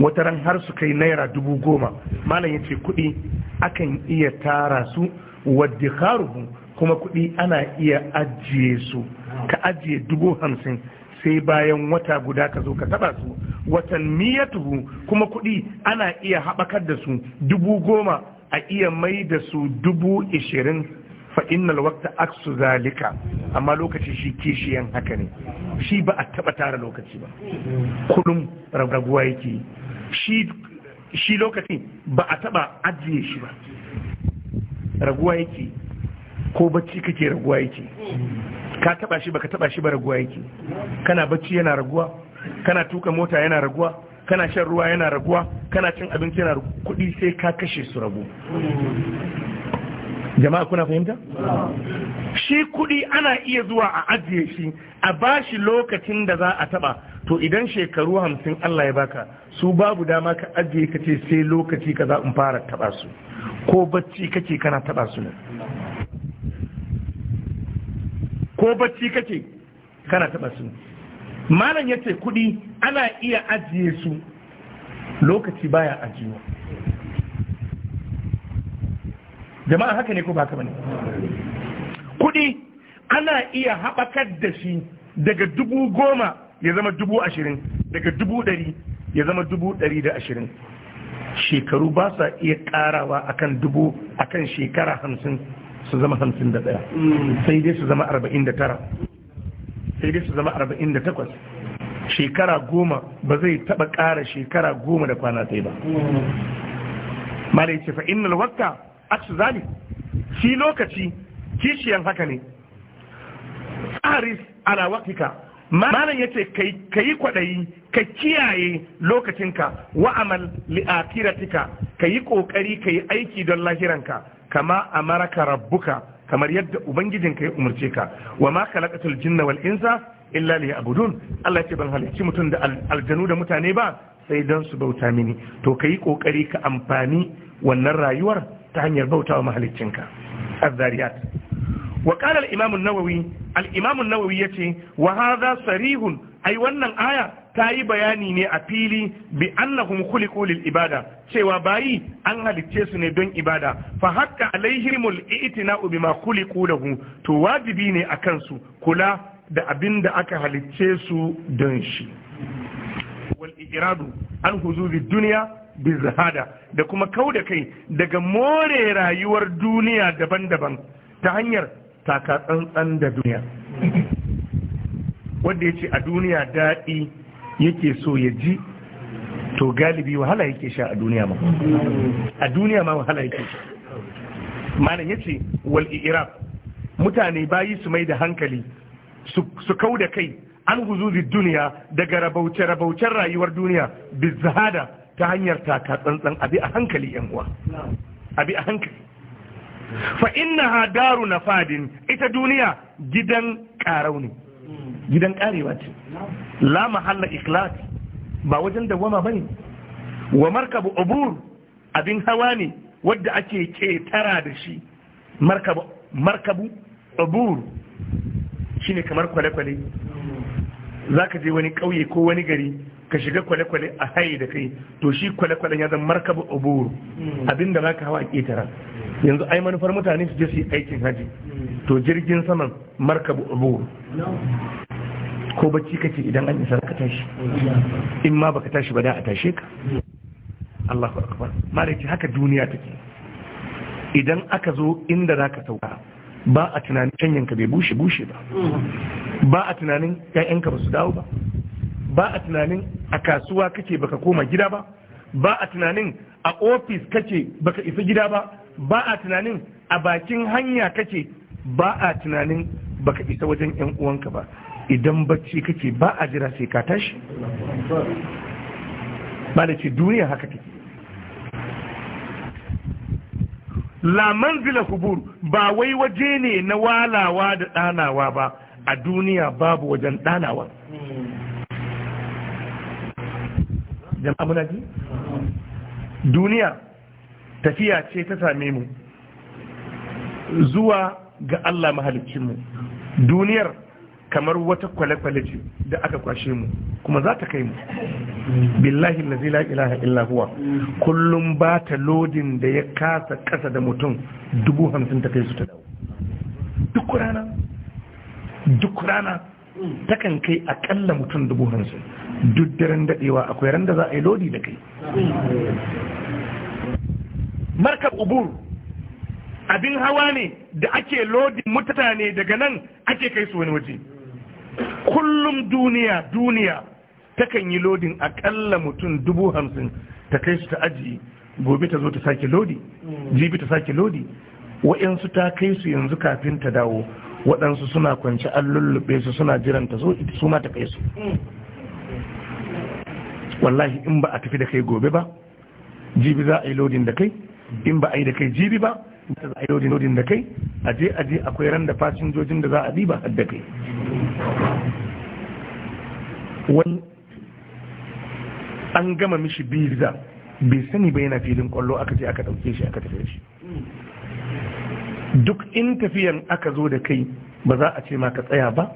wata ran har su kai naira dubu goma malam ya ce kuɗi akan iya tara su wadda kuma kuɗi ana iya ajiye su ka ajiye dubu hamsin sai bayan wata guda ka zo ka taba su watan miyatuhu kuma kuɗi ana iya haɓakar da su dubu goma a iya mai da su dubu ishirin fa innal waqta aksu zalika amma lokaci shi yan haka ne shi ba a taba tara lokaci ba kullum raguwa yake shi shi lokaci ba a taba ajiye shi ba raguwa yake ko bacci kake raguwa yake ka taba shi baka taba shi ba raguwa yake kana bacci yana raguwa kana tuka mota yana raguwa kana shan ruwa yana raguwa kana cin abinci yana kuɗi sai ka kashe su rabu. jama'a kuna fahimta shi kuɗi ana iya zuwa a ajiye shi a bashi lokacin da za a taba to idan shekaru hamsin Allah ya baka su babu dama ka ajiye ka ce sai lokaci ka za in fara taba su ko bacci kake kana taba su ne ko bacci kake kana taba su malam ya ce kuɗi ana iya ajiye su lokaci baya ajiyewa jama'a haka ne ko ba ka bane kuɗi ana iya haɓakar da shi daga dubu goma ya zama dubu ashirin daga dubu ɗari ya zama dubu ɗari da ashirin shekaru ba sa iya ƙarawa akan dubu akan shekara hamsin su zama hamsin da ɗaya sai dai su zama arba'in da tara sai dai su zama arba'in da takwas shekara goma ba zai taɓa ƙara shekara goma da kwana sai ba malai ce fa innal wakka aksu zali shi lokaci kishiyan haka ne tsari ala wakika malam ya ce ka yi kwaɗayi ka kiyaye lokacinka wa'amal li'akiratika ka yi ƙoƙari ka yi aiki don lahiranka kama amaraka rabbuka kamar yadda ubangijinka ya umarce ka wa ma khalaqatul jinna wal insa illa liya'budun Allah ce ban halicci mutum da aljanu da mutane ba sai don su bauta mini to ka yi ƙoƙari ka amfani wannan rayuwar ta hanyar bauta wa mahaliccinka azzariyat wa qala al-imam an-nawawi al-imam an-nawawi yace wa hadha sarihun ai wannan aya ta yi bayani ne a fili bi annahum khuliqu lil ibada cewa bayi an halicce su ne don ibada fa hakka alaihimul i'tina'u bima khuliqu lahu to wajibi ne akan su kula da abin da aka halicce su don shi wal ijradu an huzubi duniya bi zahada da kuma kau kai daga more rayuwar duniya daban-daban ta hanyar taka tsantsan da duniya wanda ya ce a duniya daɗi yake so ya ji to galibi wahala yake sha a duniya ma a duniya ma wahala yake sha malam yace wal iraq mutane bayi su mai da hankali su kau da kai an huzuzin duniya daga rabauce-rabaucen rayuwar duniya bizahada ta hanyar taka tsantsan abi a hankali yan uwa abi a hankali fa innaha daru nafadin ita duniya gidan karau ne gidan karewa ce la mahalla ikhlas ba wajen dawama bane wa markabu ubur abin hawa ne wadda ake ketara da shi markabu markabu ubur shine kamar kwale-kwale zaka je wani ƙauye ko wani gari ka shiga kwale-kwale a haye da kai to shi kwale-kwalen ya zama markabu ubur abinda zaka hawa ketara yanzu ai manufar mutane su je su yi aikin haji to jirgin saman markabu ubur ko bacci kake idan an isa ka tashi in ma baka tashi ba da a tashe ka Allahu akbar malaki haka duniya take idan aka zo inda zaka sauka ba a tunanin ka bai bushe bushe ba ba a tunanin ƴaƴanka ba su dawo ba ba a tunanin a kasuwa kake baka koma gida ba ba a tunanin a ofis kake baka isa gida ba ba a tunanin a bakin hanya kake ba a tunanin baka isa wajen ƴan uwanka ba idan bacci kake ba a jira sai ka tashi ba da ce duniya haka take la manzila kubur ba wai waje ne na walawa da danawa ba a duniya babu wajen danawa jama'a duniya tafiya ce ta same mu zuwa ga Allah mahalicinmu duniyar kamar wata kwale-kwale ce da aka kwashe mu kuma za ta kai mu billahi la ilaha illa huwa kullum ba ta lodin da ya kasa kasa da mutum dubu hamsin ta kai su ta dawo duk rana duk rana takan kai akalla mutum dubu hamsin duk daren daɗewa akwai ran da za a yi lodi da kai markab ubur abin hawa ne da ake lodin mutane daga nan ake kai su wani waje kullum duniya duniya takan yi lodin akalla mutum dubu hamsin ta kai su ta aji gobe ta zo ta sake lodi jibi ta sake lodi wa'yansu ta kai su yanzu kafin ta dawo waɗansu suna kwanci an lullube su suna jiran ta zo su ma ta kai su wallahi in ba a tafi da kai gobe ba jibi za a yi lodin da kai in ba a yi da kai jibi ba da za a yi lodin da kai aje aje akwai ran da fasinjojin da za a diba ba da kai wani an gama mishi biza bai sani ba yana filin kwallo aka ce aka ɗauke shi aka tafi shi duk in tafiyan aka zo da kai ba za a ce ma ka tsaya ba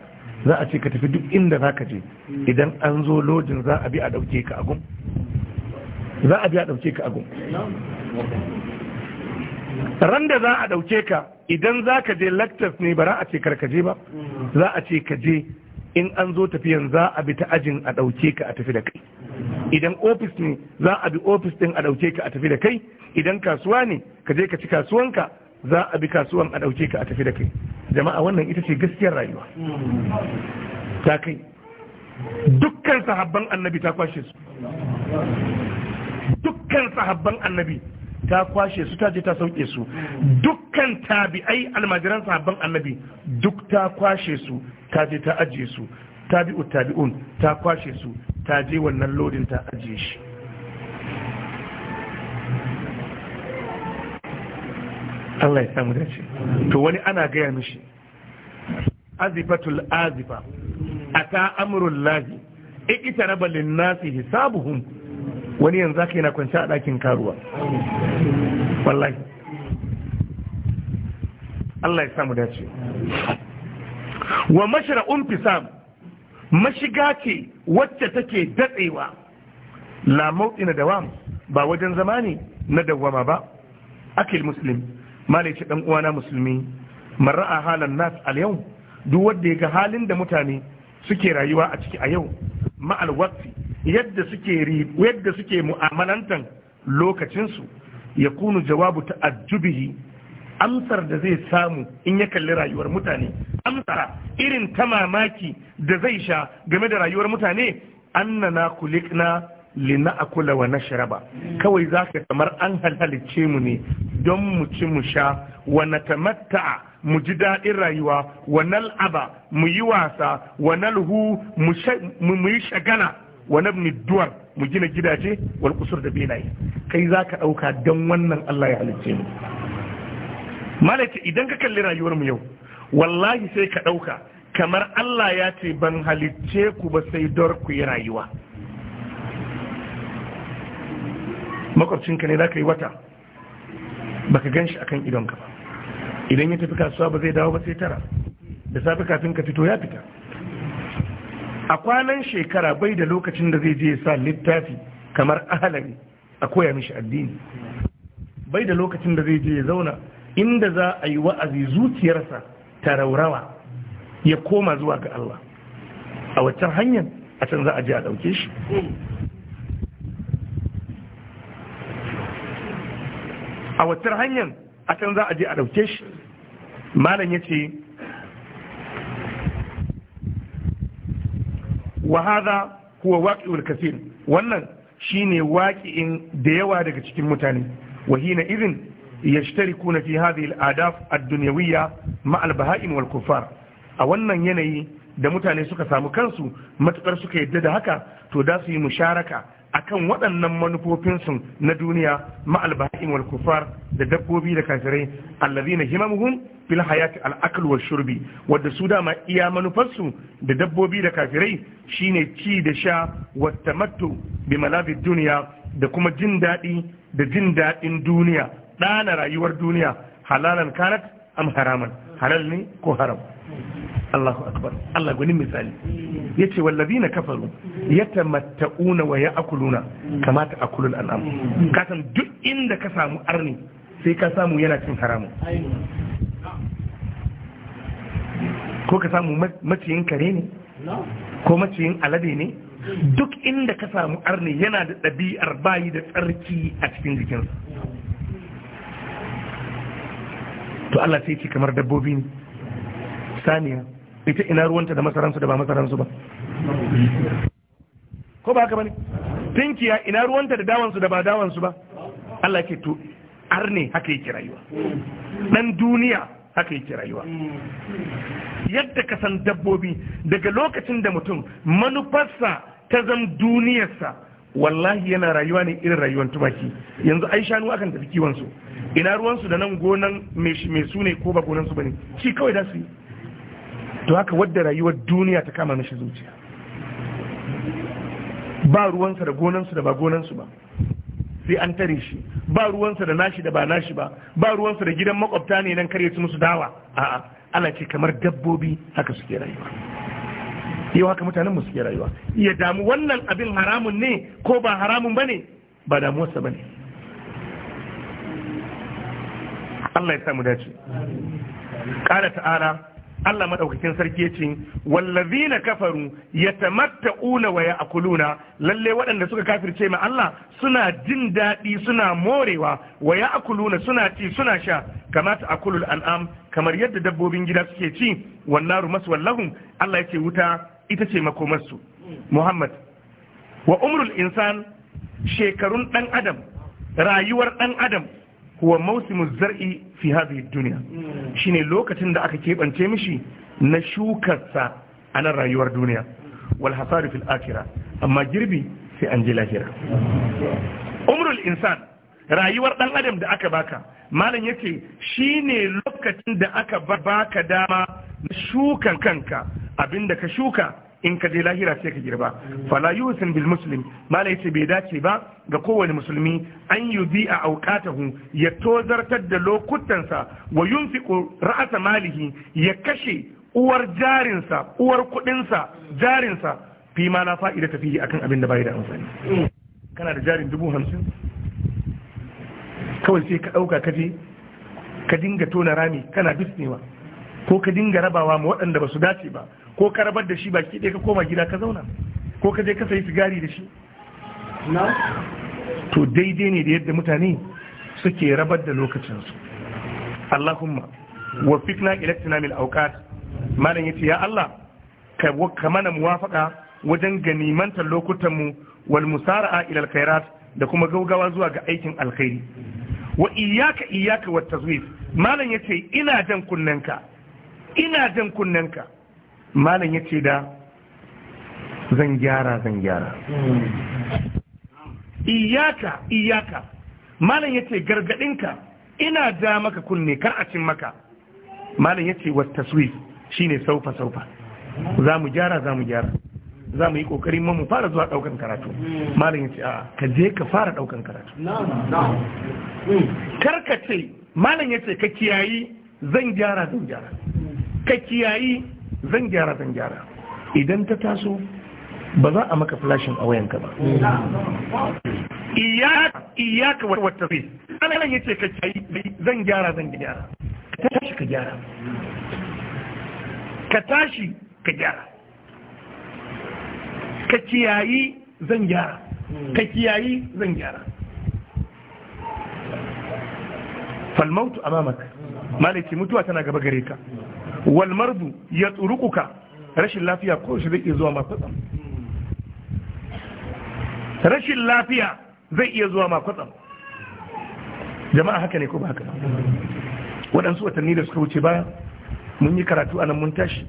za a ce ka tafi duk inda za ka je idan an zo lojin za a bi a ɗauke ka agun za a bi a ɗauke ka agun ran da za a ɗauke ka idan za ka je lectures ne ba za a ce karkaje ba za a ce ka je in an zo tafiyan za a bi ta ajin a ɗauke ka a tafi da kai idan ofis ne za a bi ofis ɗin a ɗauke ka a tafi da kai idan kasuwa ne ka je ka ci kasuwanka za a bi kasuwan a ɗauke ka a tafi da kai jama'a wannan ita ce gaskiyar rayuwa ta kai dukkan sahabban annabi ta kwashe su dukkan sahabban annabi ta kwashe su ta je ta sauke su dukkan tabi'ai almajiran sahabban annabi duk ta kwashe su ta je ta ajiye su tabi'u tabi'un ta kwashe su ta je wannan lodin ta ajiye shi Allah ya samu dace to wani ana gaya mishi azifatul azifa ata amrul lahi ikitaraba lin nasi hisabuhum wani yanzu aka yana kwanci a ɗakin karuwa wallahi Allah ya samu dace wa mashra'un umfisam mashiga ce wacce take datsewa la na dawam ba wajen zama ne na dawama ba akil muslim malaici dan uwana musulmi mar'a halan nas al yau duk wanda ya ga halin da mutane suke rayuwa a ciki a yau ma'al waqti, yadda suke yadda suke mu'amalantan lokacinsu ya kunu jawabu ta'ajjubihi amsar da zai samu in ya kalli rayuwar mutane amsar irin ta mamaki da zai sha game da rayuwar mutane annana kulikna lina akula wa na sharaba kawai za ka kamar an halhalice mu ne don mu ci mu sha wa na tamatta mu ji daɗin rayuwa wa nal'aba mu yi wasa wa nalhu mu yi shagana. wa nabni duwar mu gina gidaje wal kusur da benaye kai za ka ɗauka don wannan Allah ya halicce mu malaka idan ka kalli rayuwar mu yau wallahi sai ka ɗauka kamar Allah ya ce ban halicce ku ba sai dor ku yi rayuwa makwabcinka ne za ka yi wata baka gan shi akan idonka ba idan ya tafi kasuwa ba zai dawo ba sai tara da safe kafin ka fito ya fita a kwanan shekara bai da lokacin da zai je sa littafi kamar ahalari a koya mishi addini bai da lokacin da zai je ya zauna inda za a yi wa'azi zuciyarsa ta raurawa ya koma zuwa ga Allah a waccan hanyar a can za a je a ɗauke shi a waccan hanyar a can za a je a ɗauke shi malam ya ce wa hadha huwa waqi'ul wannan shine waqi'in da yawa daga cikin mutane wahina izin idhin yashtarikuna fi hadhihi al-adaf ad-dunyawiyya ma al kuffar a wannan yanayi da mutane suka samu kansu matuƙar suka yadda da haka to da suyi yi musharaka akan waɗannan manufofinsu na duniya ma'albahin wal kufar da dabbobi da kafirai allazina himamuhum fil hayati al akl wal shurbi wadda su dama iya manufarsu da dabbobi da kafirai shine ci da sha wa tamattu bi duniya da kuma jin daɗi da jin daɗin duniya ɗana rayuwar duniya halalan kanat am haraman halal ne ko haram Allahu akbar Allah gwani misali yace na kafaru yatamatta'una wa ya'kuluna kama ta'kulul an'am ka san duk inda ka samu arni sai ka samu yana cin haramun ko ka samu maciyin kare ne ko maciyin alade ne duk inda ka samu arni yana da ɗabi'ar bayi da tsarki a cikin jikinsa to Allah sai ce kamar dabbobi ne saniya ita ina ruwanta da masaransu da ba masaransu ba ko ba haka bane tinkiya ina ruwanta da dawansu da ba dawansu ba Allah ke to arne haka yake rayuwa dan duniya haka yake rayuwa yadda ka san dabbobi daga lokacin da mutum manufarsa ta zan duniyarsa wallahi yana rayuwa ne irin rayuwar tumaki yanzu ai shanu akan tafi kiwon su ina ruwansu da nan gonan mai su ne ko ba gonan su bane shi kawai da su yi to haka wadda rayuwar duniya ta kama mishi zuciya ba ruwansa da gonansu da ba gonansu ba sai an tare shi ba ruwansa da nashi da ba nashi ba ba ruwansa da gidan makwabta ne nan kare su musu dawa a'a ana ce kamar dabbobi haka suke rayuwa yau haka mutanen mu suke rayuwa ya damu wannan abin haramun ne ko ba haramun ba ne? ba damuwarsa ne. Allah ya samu dace Ƙara ta'ara. Allah madaukakin sarki ya ce na kafaru yatamatta'una wa akuluna lalle waɗanda suka kafirce ma Allah suna jin daɗi suna morewa wa akuluna suna ci suna sha kama akulul an'am kamar yadda dabbobin gida suke ci wannaru wallahu Allah ya ce wuta ita ce makomarsu Muhammad wa umrul insan shekarun ɗan adam rayuwar ɗan adam huwa mausimu zar'i fi hadhihi duniya shine lokacin da aka kebance mishi na shukarsa a nan rayuwar duniya wal hasaru fil akhirah amma girbi sai an ji lahira umrul insan rayuwar dan adam da aka baka malam yace shine lokacin da aka baka dama na shukan kanka abinda ka shuka in ka je lahira sai ka girba fala yusin bil muslim mala yace bai dace ba ga kowane musulmi an yubi a auqatahu ya tozartar da lokutansa wa yunfiqu ra'asa malihi ya kashe uwar jarinsa uwar kudinsa jarinsa fi ma la fa'ida ta fihi akan abin da bai da amfani kana da jarin dubu hamsin kawai sai ka ɗauka kaje ka dinga tona rami kana bisnewa ko ka dinga rabawa ma waɗanda ba su dace ba ko ka rabar da shi baki ɗaya ka koma gida ka zauna ko ka je ka sayi sigari da shi na to daidai ne da yadda mutane suke rabar da lokacinsu Allahumma wa fitna ilaktina mil auqat malam yace ya Allah ka mana muwafaka wajen ganimanta lokutan mu wal musara'a ila da kuma gaugawa zuwa ga aikin alkhairi wa iyyaka iyyaka wat tazwif malam yace ina jan kunnanka ina jan kunnanka malam ya ce da zan gyara zan gyara iyaka iyaka malam ya ce gargadinka ina da maka kunne kar a cin maka malam ya ce wata shi shine saufa saufa za mu gyara za mu gyara za mu yi kokarin mu fara zuwa daukan karatu malam ya ce a ka je ka fara daukan karatu kar ka ce malam ya ce ka kiyayi zan gyara zan gyara ka kiyayi zan gyara zan gyara idan ta taso ba za a maka flashin a wayanka ba iyaka wata fi alalan ya ce ka kyayi zan gyara zan gyara ka tashi ka gyara ka tashi ka gyara ka kiyayi zan gyara ka kiyayi zan gyara falmautu a mamaka malaki mutuwa tana gaba gare ka wal mardu ya tsurukuka rashin lafiya ko shi zai iya zuwa ma rashin lafiya zai iya zuwa ma jama'a haka ne ko ba haka waɗansu watanni da suka wuce ba mun yi karatu a nan mun tashi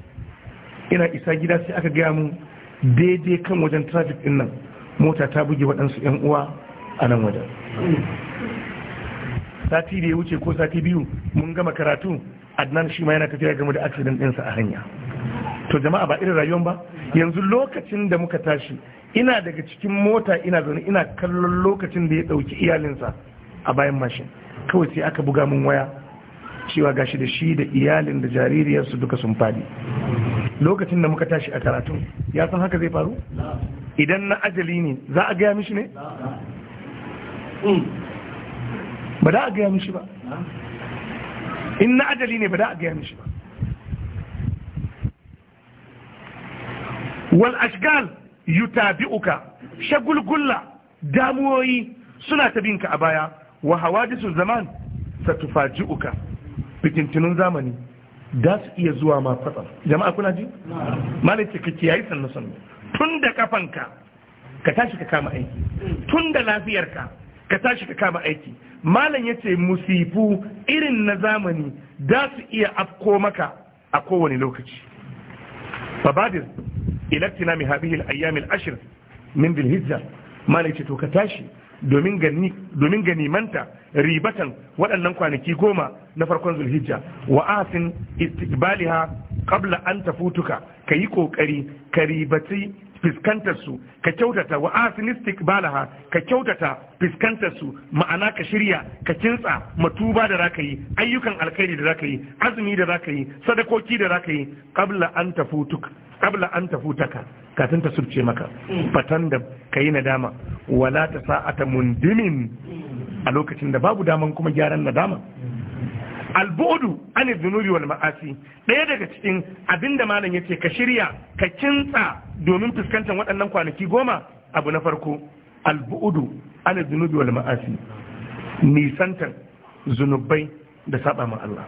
ina isa gida sai aka gaya mu daidai kan wajen trafik din nan mota ta buge waɗansu 'yan uwa a nan wajen sati da ya wuce ko sati biyu mun gama karatu adnan shi ma yana tafiya game da accident ɗinsa a hanya to jama'a ba irin rayuwar ba yanzu lokacin da muka tashi ina daga cikin mota ina zaune ina kallon lokacin da ya ɗauki iyalinsa a bayan mashin kawai sai aka buga min waya cewa gashi da shi da iyalin da jaririyarsu duka sun fadi lokacin da muka tashi a karatun ya san haka zai faru idan na ajali ne za a gaya mishi ne hmm. ba da a gaya mishi ba in na ajali ne ba da a gaya mishi ba wal ashgal yutabi'uka shagulgulla damuwoyi suna ta binka a baya wa hawadisu zaman satufaji'uka fitintunun zamani da su iya zuwa ma fatsam jama'a kuna ji malaka ka yayi sannu sannu tun da kafanka ka tashi ka kama aiki tun da lafiyarka ka tashi ka kama aiki malam ya ce musifu irin na zamani da su iya afko maka a kowane lokaci babadir ilaktina mai habihil ayyamil ashir min bilhijja malam ya ce to ka tashi domin ganimanta ribatan waɗannan kwanaki goma na farkon zulhijja wa asin istiqbaliha qabla an tafutuka ka yi ƙoƙari ka ribaci fiskantar su ka kyautata wa asinistik balaha ka kyautata fiskantar su ma'ana ka shirya ka kintsa matuba da zaka yi ayyukan alkhairi da zaka yi azumi da zaka yi sadakoki da zaka yi qabla an tafutuk qabla an tafutaka kafin ta subce maka fatan da kayi nadama wala ta sa'ata mundimin a lokacin da babu daman kuma gyaran nadama albudu an zunubi wal ma'asi ɗaya daga cikin abinda malam ya ce ka shirya ka kintsa domin fuskantar waɗannan kwanaki goma abu na farko albudu an zunubi wal ma'asi santan, zunubai da saba ma Allah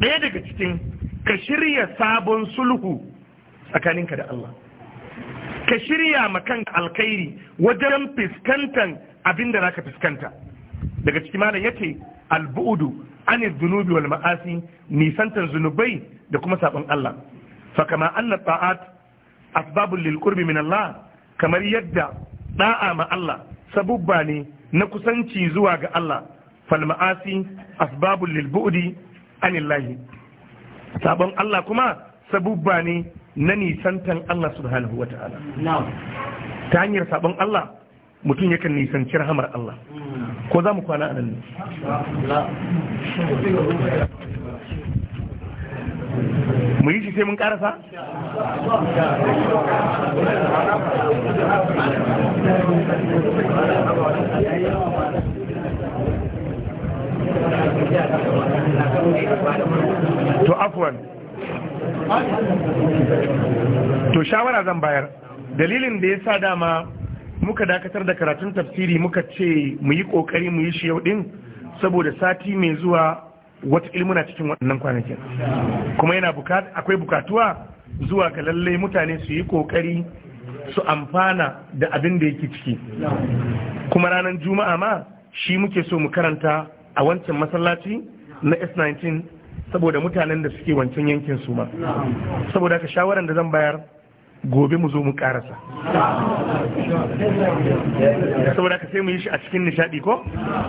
ɗaya daga cikin ka shirya sabon sulhu tsakaninka da Allah ka shirya ma kanka alkhairi wajen fuskantar abinda zaka fuskanta daga ciki malam yace al-bu'du an walma'asi, wal ma'asi zunubai da kuma sabon Allah fa kama anna ta'at asbabul lil qurbi min Allah kamar yadda da'a ma Allah sabubba ne na kusanci zuwa ga Allah fal ma'asi lilbu'udi, lil bu'di anillahi sabon Allah kuma sabubba ne na nisantan Allah subhanahu wa ta'ala ta hanyar sabon Allah mutum yakan nisanci rahamar Allah ko za mu kwana a nan ne mu yi shi sai mun karasa? to afwan to shawara zan bayar dalilin da ya sa dama muka dakatar da karatun tafsiri muka ce mu yi kokari mu yi shi yau din saboda sati mai zuwa wata ilmuna cikin wannan kwanakin kuma yana akwai bukatuwa zuwa ga lallai mutane su yi kokari su amfana da abin da yake ciki kuma ranar juma'a ma shi muke so mu karanta a wancan masallaci na s19 saboda mutanen da suke wancan yankin su ma saboda ka shawaran da zan bayar gobe mu zo mu karasa saboda ka sai mu yi shi a cikin nishadi ko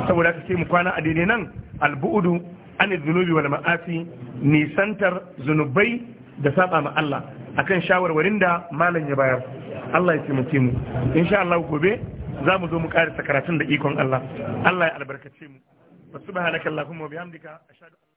saboda ka sai mu kwana a daidai nan albu'udu an zunubi wal ma'asi nisantar zunubai da saba ma Allah akan shawarwarin da malam ya bayar Allah ya taimake mu insha Allah gobe za mu zo mu karasa karatun da ikon Allah Allah ya albarkace mu subhanakallahumma wa bihamdika ashhadu